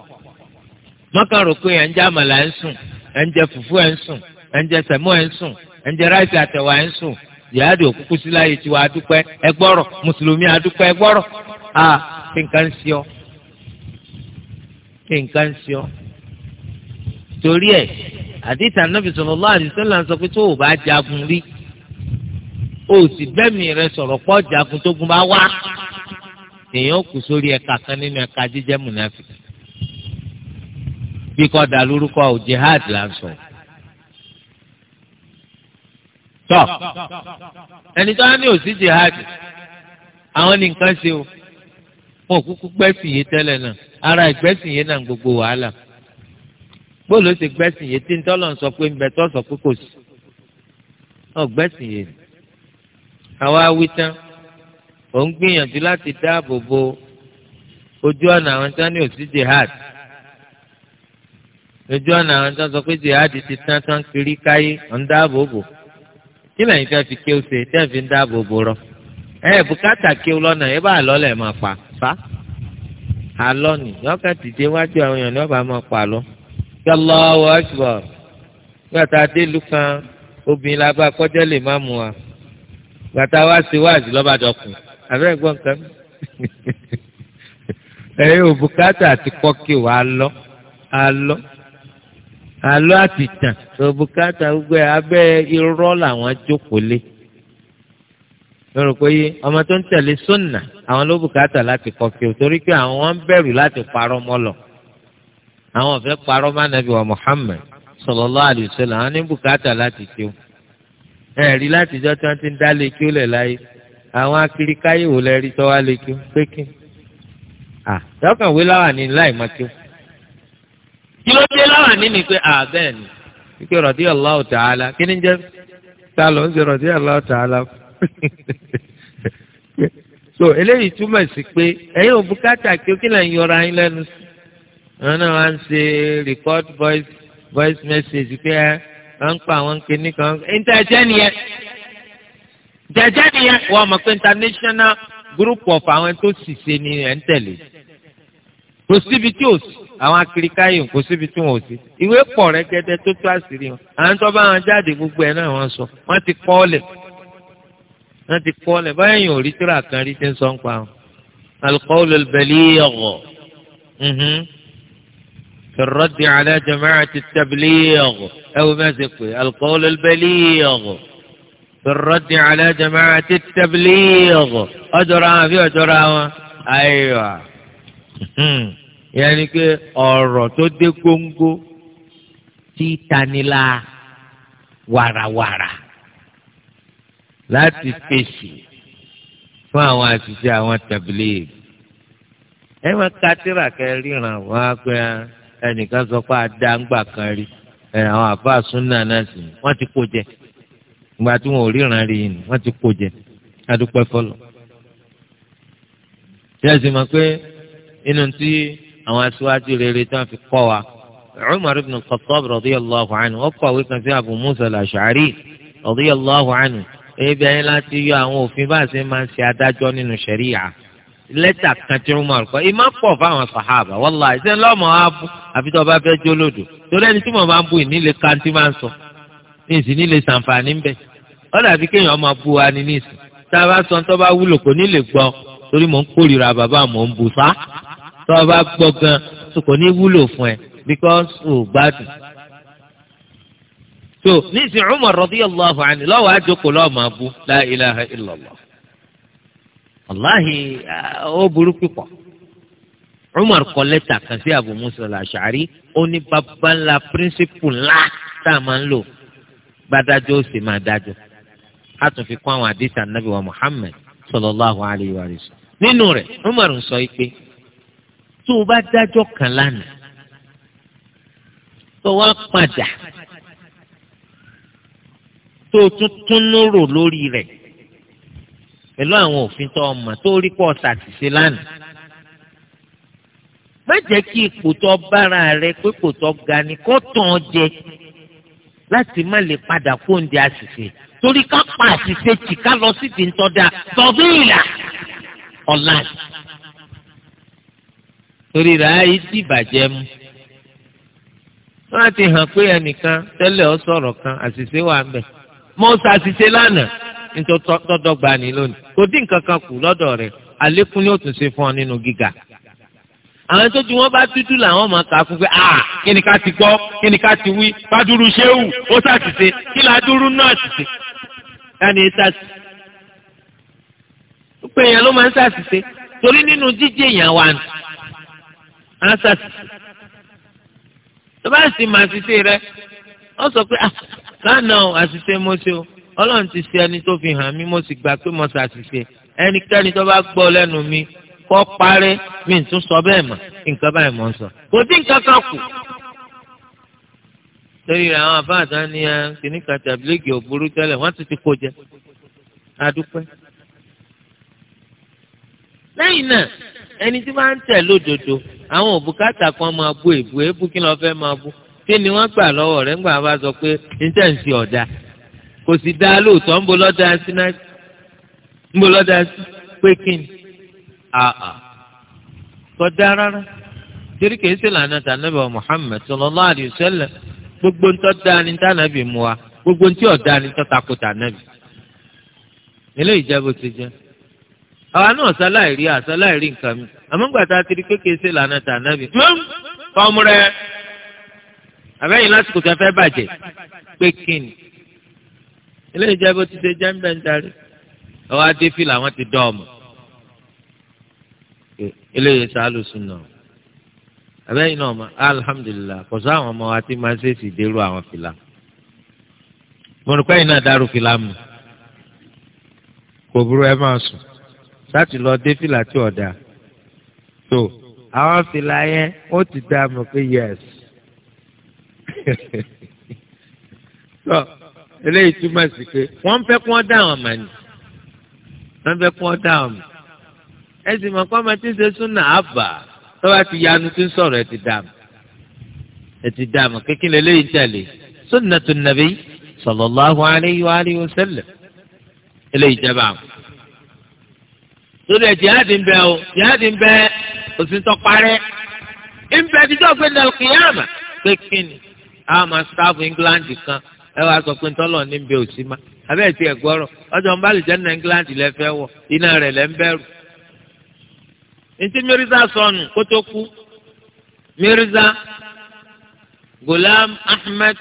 mọ́kàn rò pé ẹ̀ ń jẹ àmàlà ń sùn ẹ̀ ń jẹ fùfú ẹ̀ ń sùn ẹ̀ ń ẹ̀ ń sùn ẹnjẹ ráìsì àtẹwà ẹ ń sùn jihadi òkúkú sí láyé tiwa adúpẹ́ ẹgbọ́rọ̀ mùsùlùmí adúpẹ́ ẹgbọ́rọ̀ a kí nǹkan ń ṣe ọ kí nǹkan ń ṣe ọ torí ẹ àdìsí anábì sallallahu alaihi wasallam sọ pé tó o bá jagun rí o sì bẹ́ẹ̀mì rẹ sọ̀rọ̀ pọ̀ jagun tó gun bá wá èèyàn kù sórí ẹ̀ka kan nínú ẹ̀ka jíjẹ́ mùnàfíkì bí kò dàlúrú kọ́ ò jihad là ń sọ̀rọ̀ tọ́ ẹni tó á ní òsì jihad àwọn ní nǹkan ṣe o wọn kúkú gbẹ́sìn yìí tẹ́lẹ̀ náà ara ìgbẹ́sìn yìí náà gbogbo wàhálà bóòlù ó ti gbẹ́sìn yìí tí ń tọ́lọ̀ ń sọ pé ń bẹ tó sọ pé kò sí ọ gbẹ́sìn yìí àwa wí tán ò ń gbìyànjú láti dáàbò bo ojú ọ̀nà àwọn tí wọ́n ní òsì jihad ojú ọ̀nà àwọn tí sọ pé jihad ti tán tán kiri káyé ọ̀ ń dáàbò bò. kí lẹ́yìn fẹ́ fi kéwù ṣe tẹ́ fi ń dáàbò bò rọ ẹ bùkátà kéwù lọ́nà ẹ bá lọ́lẹ̀ máa fà fà alọ́ ni lọ́kàn dìde wájú àwọn èèyàn ní ọba máa pa lọ. Allahu Akbar gbàtà délùú kan obìnrin la bá kọjá lè má mu wa gbàtà wá sí wáàzì lọ́bàdàn àbẹ́rẹ́ gbọ́n kan [laughs] ẹ̀yin òbúkátà àti kọ́kì wà á lọ á àlọ́ àtìtàn òbúkátà gbogbo abe irọ làwọn jókòó lé pé ọmọ tó ń tẹ̀lé sùnnà àwọn ló láti kọ́ tori torí pé àwọn ń bẹ̀rù láti parọ́ mọ́ lọ àwọn ò parọ́ má nàbí wa Muhammad sallallahu lati àwọn ní bùkátà láti o ẹ̀rí láti jọ́ tí wọ́n ti ń dá lé le ó lẹ̀ láyé àwọn akiri káyé lẹ́rí tọ́wá o pé kí láì kí ló dé láwọn ní ni pé àbẹ́ẹ̀ ah, ni wípé radiyallahu ta'ala kí ni jẹ́ ta ló ń ṣe radiyallahu ta'ala [laughs] so eléyìí túmọ̀ sí pé ẹ̀yin ò bùkátà kí o kí lè yọra yín lẹ́nu sí wọn náà wá ń ṣe record voice voice message pé ẹ wọn ń pa àwọn kìnnì kan ìtẹ̀jẹ́ nìyẹn ìtẹ̀jẹ́ nìyẹn wọ́n mọ̀ pé international group of àwọn tó sì ni ẹ̀ ń tẹ̀lé kò síbi tí ò sí àwọn akirikayi kò síbi tí wọn ò sí ìwé pọ̀ rẹ́gẹ́dẹ́ tó tó àṣírí wọn àwọn tó bá wọn jáde gbogbo ẹ̀ náà wọ́n sọ wọ́n ti kọ́ ọ́lẹ̀ wọ́n ti kọ́ ọ́lẹ̀ báyìí yìí rí tíra kan rí tí ń sọ ń pa wọn. القول البليغ في الرد على جماعة التبليغ أو مزق القول البليغ في الرد على جماعة التبليغ أدرى في أدرى أيوة yẹn ni pé ọ̀rọ̀ tó dé góńgó tí tanila wàràwàrà láti fèsì fún àwọn àṣìṣe àwọn tàbílẹ̀ ẹ máa ka tíra kẹ ríran wọn á pé ẹnìkan sọ pé adáǹgbà kan rí àwọn àfáà súnà náà sì wọn ti kó jẹ ìgbà tí wọn ò ríran rí ni wọn ti kó jẹ adúpẹ́ fọlọ. tí a sì mọ̀ pé inú tí àwọn aṣíwájú rere tí wọ́n fi kọ́ wa Umar ibn al-Khattab radiyallahu anhu ó kọ̀wé kan sí Abu Musa al-Ash'ari radiyallahu anhu ebi ayé láti yọ àwọn òfin bá a ṣe máa ń ṣe adájọ́ nínú ṣẹ̀ríyà lẹ́tà kan tí Umar kọ ìmá pọ̀ fáwọn sàhábà wọ́lá ìṣe lọ́mọ abú àfi tó o bá fẹ́ jólódò torí ẹni tí mo máa ń bu ìnílé kantí máa ń sọ níìsí nílé sàǹfààní ń bẹ̀ ó dàbí kéèyàn máa bu wa ní níìsí tá a bá sọ tó bá wúlò kò ní gbọ́ torí mò ń kórìíra bàbá mò ń bu sá tó o bá gbọ́ gan so kò ní wúlò fún ẹ because o gbádùn. so níìsín Umar radiyallahu anhu lọ́wọ́ àjòkò lọ́wọ́ máa bú la ilaha illallah. wàláhì ó burú pípọ̀. Umar kọ lẹ́tà kan sí Abu Musa al-Ash'ari ó ní bàbá ńlá píríncípù ńlá tá a máa ń lò gbàdájọ́ ó sì máa dájọ́ a tún fi kún àwọn àdìsí anabi wa Muhammad sallallahu alayhi wa sallam nínú rẹ̀ Umar ń sọ yìí pé tó o bá dájọ́ kan lánàá tó wá padà tó o tún túnú rò lórí rẹ̀ pẹ̀lú àwọn òfin tó o mọ̀ tó o rí pọ̀ ṣàtìṣe lánàá má jẹ́ kí ipò tó bára rẹ pé kò tó ga ni kó tàn án jẹ láti má lè padà kó oúnjẹ àṣìṣe torí ká pa àṣìṣe tì ká lọ sídìí ń tọ́ da tọ́bí ìlà ọ̀la torí rẹ̀ ayé bàjẹ́ mu wọ́n ti hàn pé ẹnìkan tẹ́lẹ̀ ọ sọ̀rọ̀ kan àṣìṣe wà ń bẹ̀ mo ṣàṣìṣe lánàá nítorí tọ́dọ̀gba ni lónìí kò dín nǹkan kan kù lọ́dọ̀ rẹ̀ àlékún ni ó tún ṣe fún ọ nínú gíga àwọn tó ju wọn bá dúdú làwọn máa kà á fún pé a ah, kí ni ká ti gbọ́ kí ni ká ti wí bá dúró ṣéwù ó ṣàṣìṣe kí la dúró náà ṣìṣe ẹni ṣàṣìṣe ó pé èèyàn ló máa ń ṣàṣìṣe torí nínú jíjẹ èèyàn wa nù ansasi tó bá sì máa ṣiṣẹ́ rẹ wọ́n sọ pé ah, lánàá àṣìṣe mo ṣe o ọlọ́run ti ṣe ẹni tó fi hàn mí mo sì gbà pé mo ṣàṣìṣe ẹnikẹ́ni tó bá gbọ́ lẹ́nu mi kọ́ parẹ́ mi tún sọ bẹ́ẹ̀ mọ̀ nǹkan báyìí mọ̀ ń sọ kò dín nǹkan kan kù. torí rẹ̀ àwọn àbá àdá ni kìnnì kan tàbílẹ́gì òbúrú tẹ́lẹ̀ wọ́n ti ti kó jẹ adúpẹ́. lẹ́yìn náà ẹni tí máa ń tẹ̀ lódodo àwọn òbúkátà kan máa bú èbú èbú kí ló fẹ́ máa bú kí ni wọ́n gbà lọ́wọ́ rẹ̀ ńgbà bá sọ pé níṣẹ́ ń ṣe ọ̀dà kò sì dá lóòótọ́ ń bo lọ́dà sí náà ń bo lọ́dà sí pé kí ni àà kò dá rárá torí kìí ṣe lànà tànàbí wa Muhammad sallallahu alayhi wa sallam gbogbo ń tọ́ da ni tànàbí mu wa gbogbo ń tí ọ̀dà ni tọ́ takò tànàbí eléyìí jẹ́ bó ti jẹ́ àwa náà sáláìrí àsáláìrí nǹkan mi àmọ́ gbà tá a ti rí pé kèsè lànà tà nábì. mọ́m fọmù rẹ àbẹ́yìn lásìkò tó fẹ́ bàjẹ́ pé kíni ilé ìjẹ́ bó ti ṣe jẹ́ ń bẹ̀ ń darí ọwọ́ adé fìlà wọn ti dọ́ ọmọ ilé ìyẹn sàálùsùn náà àbẹ́yìn náà ma alhamdulilah kò sọ àwọn ọmọ wa ti máa ṣe èsì dérú àwọn fìlà mo yìí náà dárú fìlà mu kò burú ẹ máa sùn láti lọ dé fìlà tí ọ̀dà so àwọn fìlà yẹn ó ti dá a mọ̀ pé yes [laughs] so eléyìí túmọ̀ sí pé wọ́n fẹ́ kí wọ́n dá àwọn àmà ni wọ́n fẹ́ kí wọ́n dá àwọn àmà ẹ sì mọ̀ kọ́ ọmọ tí ń ṣe súnà àbà tó bá ti yanu tí ń sọ̀rọ̀ ẹ ti dá àmà ẹ ti dá àmà kékeré eléyìí tẹ̀lé súnà tó nàbí sallallahu alayhi wa alihi wa eléyìí jẹ́ bá àwọn. torí ẹ̀ jihadi ń bẹ o jihadi ń bẹ òsìntọ́ parẹ́ ń bẹ dídọ́ gbé pé England kan ẹ wàá sọ pé ntọ́lọ̀ ní bẹ òsì má abẹ́ẹ̀ ti gbọ́rọ̀ ọjọ́ ń bá lè jẹ́ ní England lẹ fẹ́ wọ iná ń bẹ̀rù. ntí Mirza sọnù Mirza Ahmed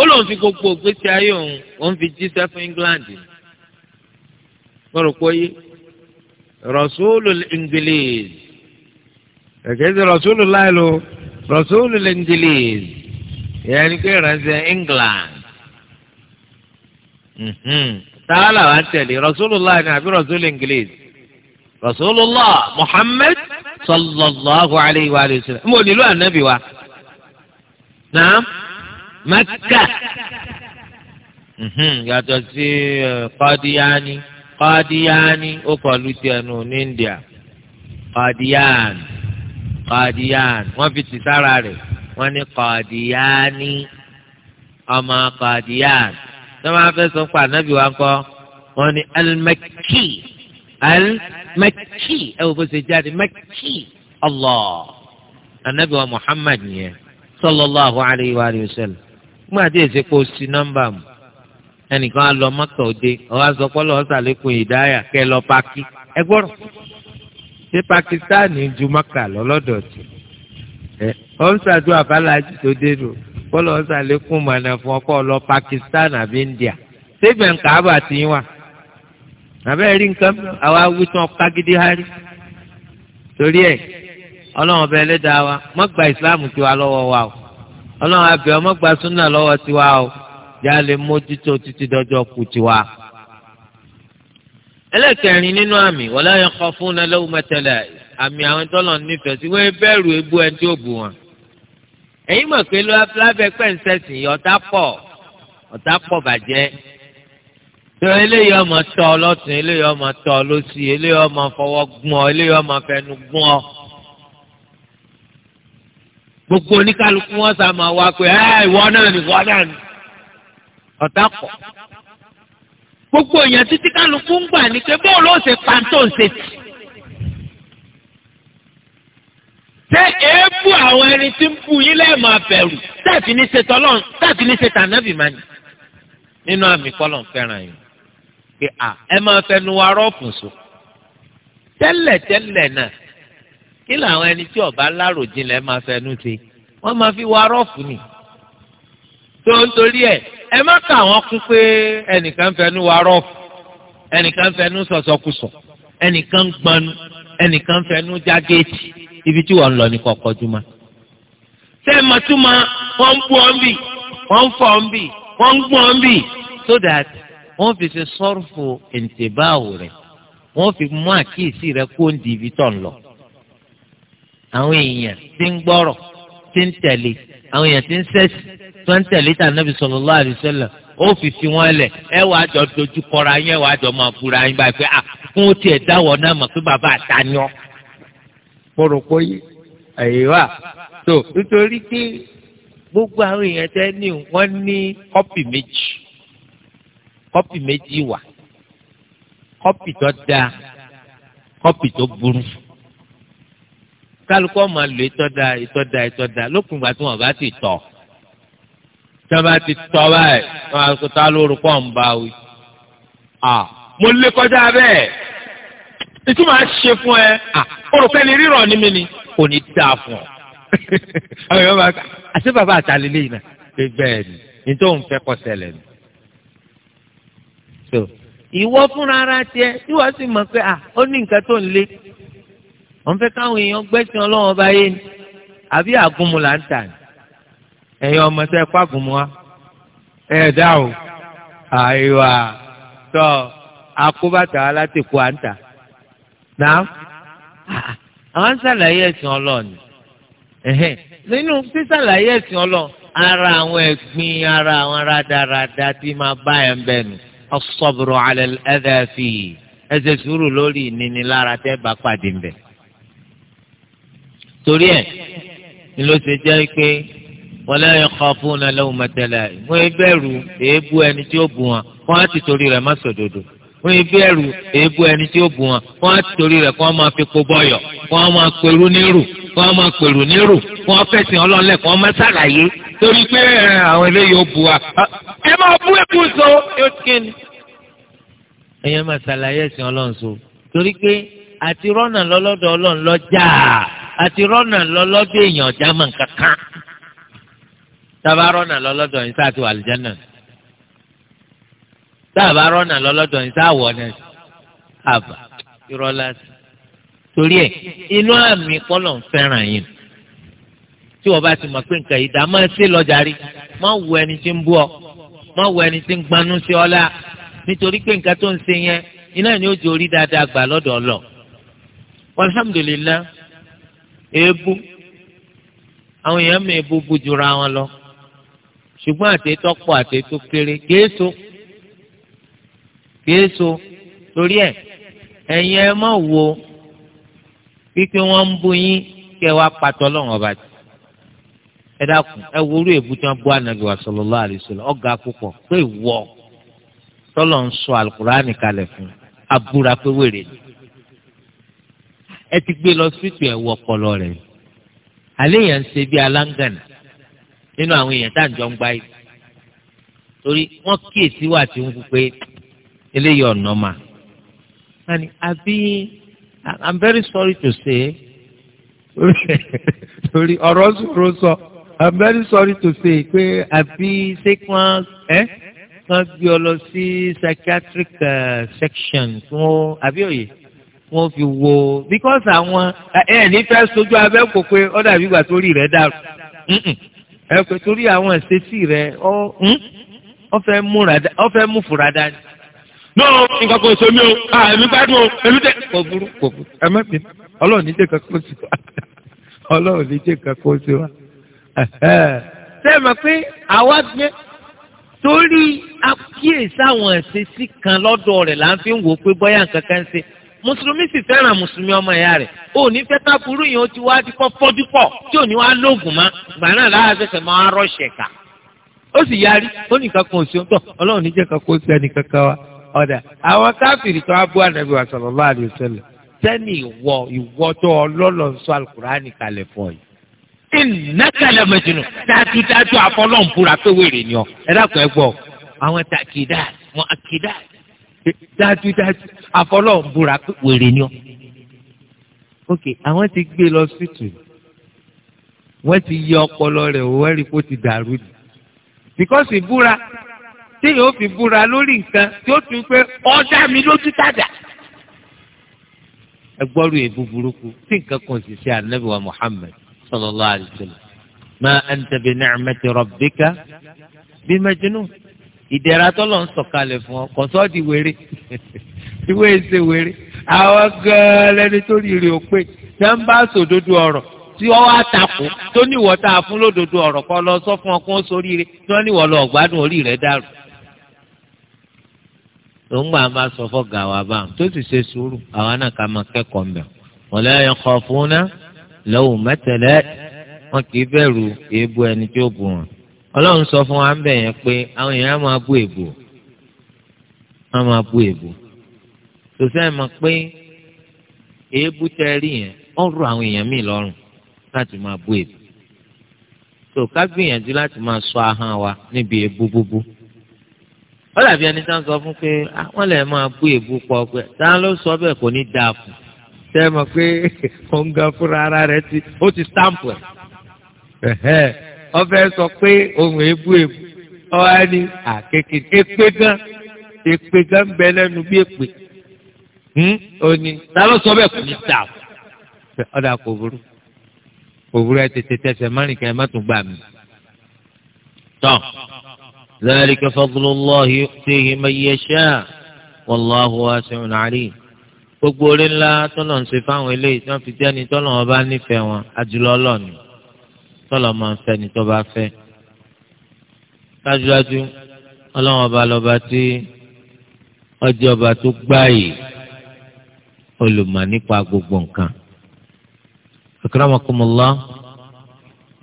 ó lóun fi gbogbo ayé òun òun fi jíṣẹ́ fún England فرقوي رسول الإنجليز كذا رسول الله له رسول الإنجليز يعني كذا إنجلاند تعالى وانت لي رسول الله نعبي رسول الإنجليز رسول الله محمد صلى الله عليه وآله وسلم مو له النبي واحد نعم مكة يا تسي قادياني يعني. kọ́díyáni ó kọlu tiẹ̀ nù ní India kọ́díyáni kọ́díyáni wọ́n fi ti sára rẹ̀ wọ́n ní kọ́díyáni ọmọ kọ́díyáni tó máa fẹ́ sọ pé ànábì wa kọ́ wọ́n ní alimẹ́kì alimẹ́kì ẹ wò bó ṣe jáde mẹ́kì Allah ànábì wa Muhammad nìyẹn sallallahu alayhi wa sallam gbọ́dọ̀ àti èsèpọ̀ sí nọ́mbà mu. ẹnìkan á lọ mọ́tò òde sọ azọpọ́lọ́ ọ̀sàlẹ́kùn ìdáyà kẹ́ lọ paki ẹ gbọ́dọ̀ ṣé Pakistani ju maka lọ́lọ́dọ̀ tì ẹ ọ̀sàdù àbálájì tó dé nù pọ́lọ́ ọ̀sàlẹ́kùn mọ̀nà fún ọkọ̀ lọ Pakistan àbí India ṣébẹ̀ nǹkan àbà tí ń wà àbẹ́ rí nǹkan àwa wíṣọ kágídí hárí torí ẹ ọlọ́run ọba ẹlẹ́dàá wa mọ́gbà ìsìláàmù wa o lọ́wọ́ o. já lè mójútó títí dọ́jọ́ kù tiwa. ẹlẹ́kẹ̀rin nínú àmì wala yakhafuna lawmata la'im àmì àwọn tọ́lọ̀ nífẹ̀ẹ́ sí wọ́n bẹ̀rù ebú ẹni tí ó bù wọn. ẹ̀yin mọ̀ pé lábẹ́ pẹ́ǹsẹ̀sì ọ̀tá pọ̀ ọ̀tá pọ̀ bàjẹ́ tó eléyìí ọmọ tọ́ ọ lọ́tún eléyìí ọmọ tọ́ ọ lọ́sì eléyìí ọmọ fọwọ́ gún ọ eléyìí ọmọ fẹnu gún ọ gbogbo oníkálukú wọn sá wá pé ẹ ìwọ náà ni ọ̀tá pọ̀ gbogbo èèyàn títí kálukú ń gbà ní pé bóun ló ṣe pàǹtó ń ṣètì. ṣé èébú àwọn ẹni tí ń bu yín lẹ́ẹ̀mọ abẹ̀rù táàfin ní ṣe tọ́lọ́n táàfin ní ṣe tànábì máa nì. nínú àmì kọ́lọ̀ fẹ́ràn yìí pé à ẹ máa fẹnu wa rọ́ọ̀fù sùn. tẹ́lẹ̀ tẹ́lẹ̀ náà kí làwọn ẹni tí ọba láròjinlẹ̀ máa fẹnu ṣe wọ́n máa fi wa rọ́ọ̀fù nì. tó ń torí ẹ̀ ẹ má kà wọ́n kún pé ẹnìkan fẹnu wa rọ́ọ̀fù ẹnìkan fẹnu sọ̀sọ̀kùsọ̀ ẹnìkan gbanu ẹnìkan fẹnu jágéètì ibi tí wọ́n lọ ní kọ̀kọ́júmọ́. ṣé ẹ mọ̀ túmọ̀ wọ́n ń bú ọ́n bì wọ́n ń fọ́ ọ́n bì wọ́n ń gbọ́n ọ́n bì so that wọ́n fi ṣe sọ́ọ̀fù ìǹtẹ̀báwò rẹ̀ wọ́n fi mú àkíyèsí rẹ̀ kó ń di ibi tó ń lọ. àwọn èèyàn ti ń gbọ́rọ̀ tí ń tẹ̀lé àwọn èèyàn tí ń sẹ́sì tó ń tẹ̀lé tà nàbì sallallahu alaihi wasallam ó fi fi wọn lẹ̀ ẹ wàá jọ dojú kọra yín ẹ wàá jọ máa fura yín báyìí pé à kún ó tiẹ̀ dáwọ̀ náà mọ̀ pé bàbá àtàyàn. pòròpó yìí àyèwà tó nítorí pé gbogbo àwọn èèyàn tẹ́ ní wọ́n ní kọ́pì méjì kọ́pì méjì wà kọ́pì tó dáa kọ́pì tó burú kálukọ́ máa lo ìtọ́da ìtọ́da ìtọ́da lókun ìgbà tí wọ́n bá ti tọ̀ tí wọ́n bá ti tọ́ báyìí wọ́n á kó tá lórúkọ ń bá wí. mo lé kọjá bẹ́ẹ̀ ìtumọ̀ á ṣe fún ẹ orùkẹ́ni rírọ̀ ní mi ni kò ní dáa fún ọ. [laughs] àti bàbá àtàlélẹ́ yìí náà bẹ́ẹ̀ ni ní tó fẹ́ kọ́ ṣẹlẹ̀ ni. ìwọ fúnra ara tiẹ̀ ìwọ sì mọ̀ pé ó ní nǹkan tó ń lé wọ́n fẹ́ káwọn èèyàn gbẹ́sìn ọlọ́wọ́n bá yé ni àbí àgùnmu là ń tà ní. ẹ̀yin ọmọ tẹ́ ẹ kó wa ẹ̀ dá o àìwà tọ́ àkóbàtà alátìkú à ń tà náà àwọn sàlàyé ẹ̀sìn ọlọ́ọ̀ni nínú sísàlàyé ẹ̀sìn ọlọ́ọ̀ ara àwọn ẹ̀gbin ara àwọn rádaràda tí máa bá ẹ̀ ń bẹ̀ nù as-sabru ẹ̀sẹ̀ sùúrù lórí ìnínilára tẹ́ bá pàdé ń bẹ̀ torí ẹ̀ ni ló ṣe jẹ́ pé wọ́n lẹ́yìn kan fún un lẹ́wọ̀n mẹ́tẹ́lẹ̀ wọ́n bẹ̀rù èébú ẹni tí ó bù wọn kó wọ́n ti torí rẹ̀ má sòdodo wọ́n bẹ̀rù èébú ẹni tí ó bù wọn kó wọ́n ti torí rẹ̀ kó wọ́n máa fi kó bọ́yọ̀ kó wọ́n máa pèrú nírù kó wọ́n máa pèrú nírù kó wọ́n fẹ̀sìn ọlọ́lẹ̀ kó wọ́n má sàlàyé torí pé àwọn eléyìí ó bù wa. ẹ máa bú ẹkú so yóò máa sàlàyé ẹ̀sìn ọlọ́run so torí pé àti rọ́nà lọ́lọ́dọ̀ ọlọ́run lọ́jà àti rọ́nà lọ́lọ́dọ̀ èèyàn ọ̀já mọ̀ kankan tábà rọ́nà lọ́lọ́dọ̀ yìí sáà ti wà àlùjánnà tábà rọ́nà lọ́lọ́dọ̀ yìí sáà wọ̀ náà àbà ìrọ̀lá sí torí ẹ̀ inú àmì kọ́lọ̀ ń fẹ́ràn yìí tí wọ́n bá ti mọ̀ pé nǹkan ìdá máa ṣe lọ́jà rí má wo ẹni tí ń bú ọ má wo ẹni tí ń gbanú sí ọlá nítorí pé nǹkan tó ń ṣe yẹn iná ni ó jẹ́ orí dáadáa gbà lọ́dọ̀ ọlọ́ọ̀ walhamdulillah èébú àwọn èèyàn mi èébú bujura wọn lọ ṣùgbọ́n àtẹ̀tọ́ pọ̀ àtẹ̀tọ́ kéré kéèso kéèso torí ẹ̀ ẹ̀yin ẹ má wo pípé wọ́n ń bu yín kẹ́ wàá pàtọ́ lọ́wọ́n ọba jù ẹ dákun ẹ wúrú èbú tí wọ́n bu ànábì wa sallallahu alaihi wasallam ọ̀gá púpọ̀ pé wọ́ tọ́lọ̀ ń sọ àlùkùránì kalẹ̀ fún abúra pé wèrè ni ẹ ti gbé lọ sípìtì ẹ wọ ọpọlọ rẹ àlẹ́ yẹn ń ṣe bí aláǹgànà nínú àwọn èèyàn tá à ń jọ ń gbá yìí torí wọ́n kíyèsí wà tí ń kú eléyìí ọ̀nà mà àní àbí i'm very sorry to say [laughs] torí ọ̀rọ̀ sọ̀rọ̀ sọ i'm very sorry to say pé àbí ṣé kí wọ́n gbé ọ lọ sí psychiatric uh, section fún àbí òye wọ́n fi wo because àwọn ẹ ní fẹ́ sojú abẹ́ kò pé ó dàbí ìgbà tó rí rẹ̀ dàrú ẹ pé torí àwọn ìṣesí rẹ̀ ọ mm, fẹ́ mú fura dání. náà nǹkan kò sómi o ah, èmi gbádùn o èmi tẹ. kò burú kò burú ẹ má bínú ọlọ́run ní jẹ́ka kó sí wa [laughs] ọlọ́run ní jẹ́ka kó sí wa. ṣé ẹ mọ̀ pé àwa gbé torí àkíyèsí àwọn ìṣesí kan lọ́dọ̀ rẹ̀ là ń fi ń wò ó pé bóyá nǹkan kan ń ṣe mùsùlùmí sì fẹ́ràn mùsùlùmí ọmọ ìyá rẹ̀ ó ní fẹ́ ká burú yẹn ó ti wá di pọ́ fọ́jú pọ̀ tí ò ní wá lóògùn mọ́ ìgbà náà lára ṣẹ̀ṣẹ̀ máa rọ́ṣẹ̀ kà ó sì yarí ó nìkan kan òṣèlú tọ̀ ọlọ́run níjẹ́ kan kó sí ẹnì kankan wa ọ̀dà àwọn káfíìrì tó abú ànábì wa sallallahu alaihi wasallam sẹ́ni ìwọ ìwọ tó ọlọ́lọ́ sọ alukurani kalẹ̀ fún ọ yìí. innaka la majnun dájúdájú àfọlọ́ǹbùrà pé wèrè ni ọ ẹ dákun ẹ gbọ́ àwọn takidá mọ akidá dájúdájú àfọlọ́hún búra pé wèrè ni ọ. ok àwọn ti gbé lọ síìtù wọ́n ti yẹ ọpọlọ rẹ̀ wọ́n rí kó ti dàrú ni. because ìbúra tí yóò fi búra lórí nǹkan tí ó tún pé ọjà mi lójú tàdà. ẹ gbọ́rù èébú burúkú tí nǹkan kan sì ṣe ànábì wa Muhammad sallallahu alaihi wasallam ma anta bi ni'mati rabbika bi majnun ìdẹ̀ra tọ́lọ̀ ń sọ̀kalẹ̀ fún ọ kò sọ́ di wéré [laughs] ìwé ìṣe wéré àwọn gan-an lẹni tó rí rí o pé ṣé ń bá sòdodo ọ̀rọ̀ tí wọ́n wá takò tó ní ìwọ tá a fún lódodo ọ̀rọ̀ kan lọ sọ fún ọ kó sórí rẹ tí wọ́n ní ìwọ lọ gbádùn orí rẹ dàrú. ló ń gbà máa sọ fọ́ gàwá bá tó sì ṣe sùúrù àwa náà ká máa kẹ́kọ̀ọ́ mbẹ̀. wọ́n lẹ́yìn kọ́ fún ná lọ́wọ́ mẹ́tẹ̀lẹ́ wọn kì í bẹ̀rù èébú ẹni tí ó bù wọn. ọlọ́run sọ fún wa ń bẹ̀ yẹn pé àwọn èèyàn á máa bú èbò á máa bú èbò tòṣẹ́ ẹ̀ mọ̀ pé èébú tẹ́ rí yẹn ó rọ àwọn èèyàn míì lọ́rùn láti máa bú èbò tó ká gbìyànjú láti máa sọ ahọ́n wa níbi èébú búbú ó dàbí ẹni tá à sọ fún pé ah, wọ́n lè máa bú èbú pọ̀ pé tá à ń lọ sọ bẹ́ẹ̀ kò ní dáa fún tẹ́ mọ̀ pé òǹgà [laughs] fúnra ara rẹ̀ ti ó ti stamp ẹ̀ ọfẹ sọ pé ohun èébú èébú ọwọ ni àkekèé èpè gan èpè gan bẹ lẹ́nu bí èpè òní hmm? ta ló sọ bẹ́ẹ̀ kò ní ta ọdà kò burú kò burú ẹ tètè tẹsẹ̀ márìnkà ẹ má tún gbà mí tán. ذلك فضل الله يؤتيه من يشاء والله واسع عليم gbogbo orí ńlá tọ́lọ̀ ń ṣe fáwọn eléyìí tí wọ́n fi jẹ́ni tọ́lọ̀ wọn bá nífẹ̀ẹ́ wọn àjùlọ ọlọ́ọ̀ni tọ́lọ̀ máa ń fẹ́ ni tó bá fẹ́. dájúdájú ọlọ́run ọba lọ́ba tí ọjọ́ ọba tó gbáàyè olùmọ̀ nípa gbogbo nǹkan. akramakumullah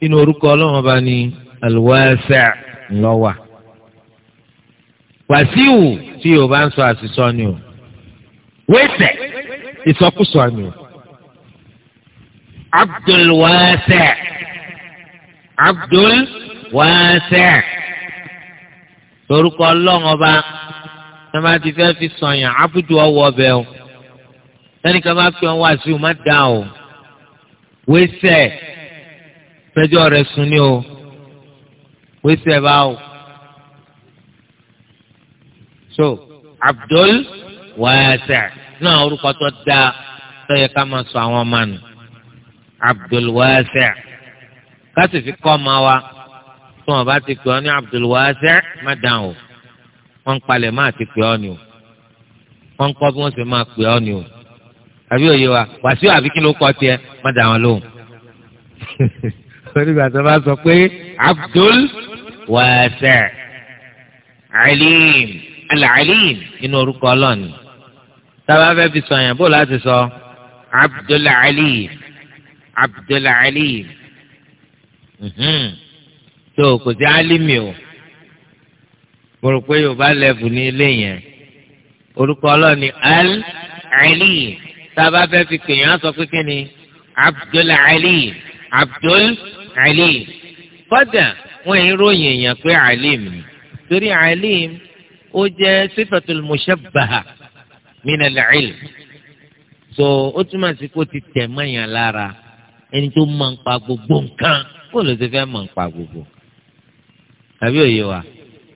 inú orúkọ ọlọ́run ọba ni alwasi' ńlọ́wà. wàsíù tí yóò bá ń sọ àṣìṣọ ni o wẹ́sẹ̀ ìsọkúsọ ni o abdulwasi' abdul wàásẹ̀ lórúkọ ọlọ́run ọba ẹ máa ti fẹ́ fi sọ̀yàn abudu ọwọ́ ọbẹ̀ o sẹ́nìkan bá fi ọ́n wá sí o má dá o wẹ́sẹ̀ fẹjọ́ rẹ̀ sùn ní o wẹ́sẹ̀ bá o so abdul wàásẹ̀ náà orúkọ tó dáa tó yẹ ká máa àwọn ọmọ nù abdul wàásẹ̀ kásì fi kọ́ ọmọ wa tí wọ́n bá ti pè ọ́ ní Abdulwazir má dáhùn o wọ́n ń palẹ̀ má ti pè ọ́ ni o wọ́n ń kọ́ bí wọ́n ṣe máa pè ọ́ ni o àbí òye wa wàṣíù àbí kí ló kọ́ tiẹ̀ má dáhùn lóhùn. sọ́ni [laughs] bàtà bá sọ pé Abdulwazir alim alalim inú orúkọ ọlọ́ọ̀ni sábà fẹ́ fi sọ yẹn bó láti sọ Abdulalim Abdulalim tó kò sí álímì o mo rò pé yorùbá lẹ́bù ní ilé yẹn orúkọ ọlọ́run ni al ali tábà fẹ́ fi kéèyàn sọ pé kí ni abdul ali abdul ali kọ́dà wọ́n ń ròyìn èèyàn pé alim ni torí alim ó jẹ́ sifatul mushabbaha min al so ó túmọ̀ sí kó ti tẹ̀ mọ́yàn lára ẹni tó máa ń pa gbogbo nǹkan bó ló ti fẹ́ mọ̀ ń pa gbogbo àbí òye wa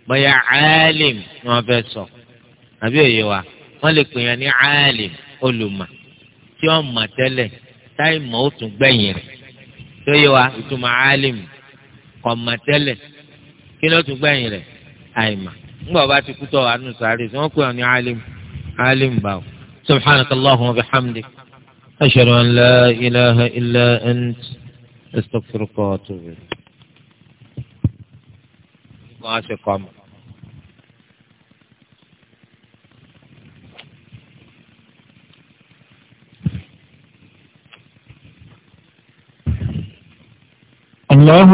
bóyá alim ni wọ́n fẹ́ sọ àbí òye wa wọ́n lè pè yàn ní alim olùmọ̀ tí wọ́n mọ̀ tẹ́lẹ̀ táì mọ̀ ó tún gbẹ̀yìn rẹ̀ tó yé wa ìtumọ̀ alim kò mọ̀ tẹ́lẹ̀ kí ló tún gbẹ̀yìn rẹ̀ àìmọ̀ ńgbà bá ti kú àánú sáré tí wọ́n pè yàn ní alim alim báwo. subhanakallahumma wa bihamdik ashhadu an la ilaha illa ant. استغفر الله واتوب اليه الله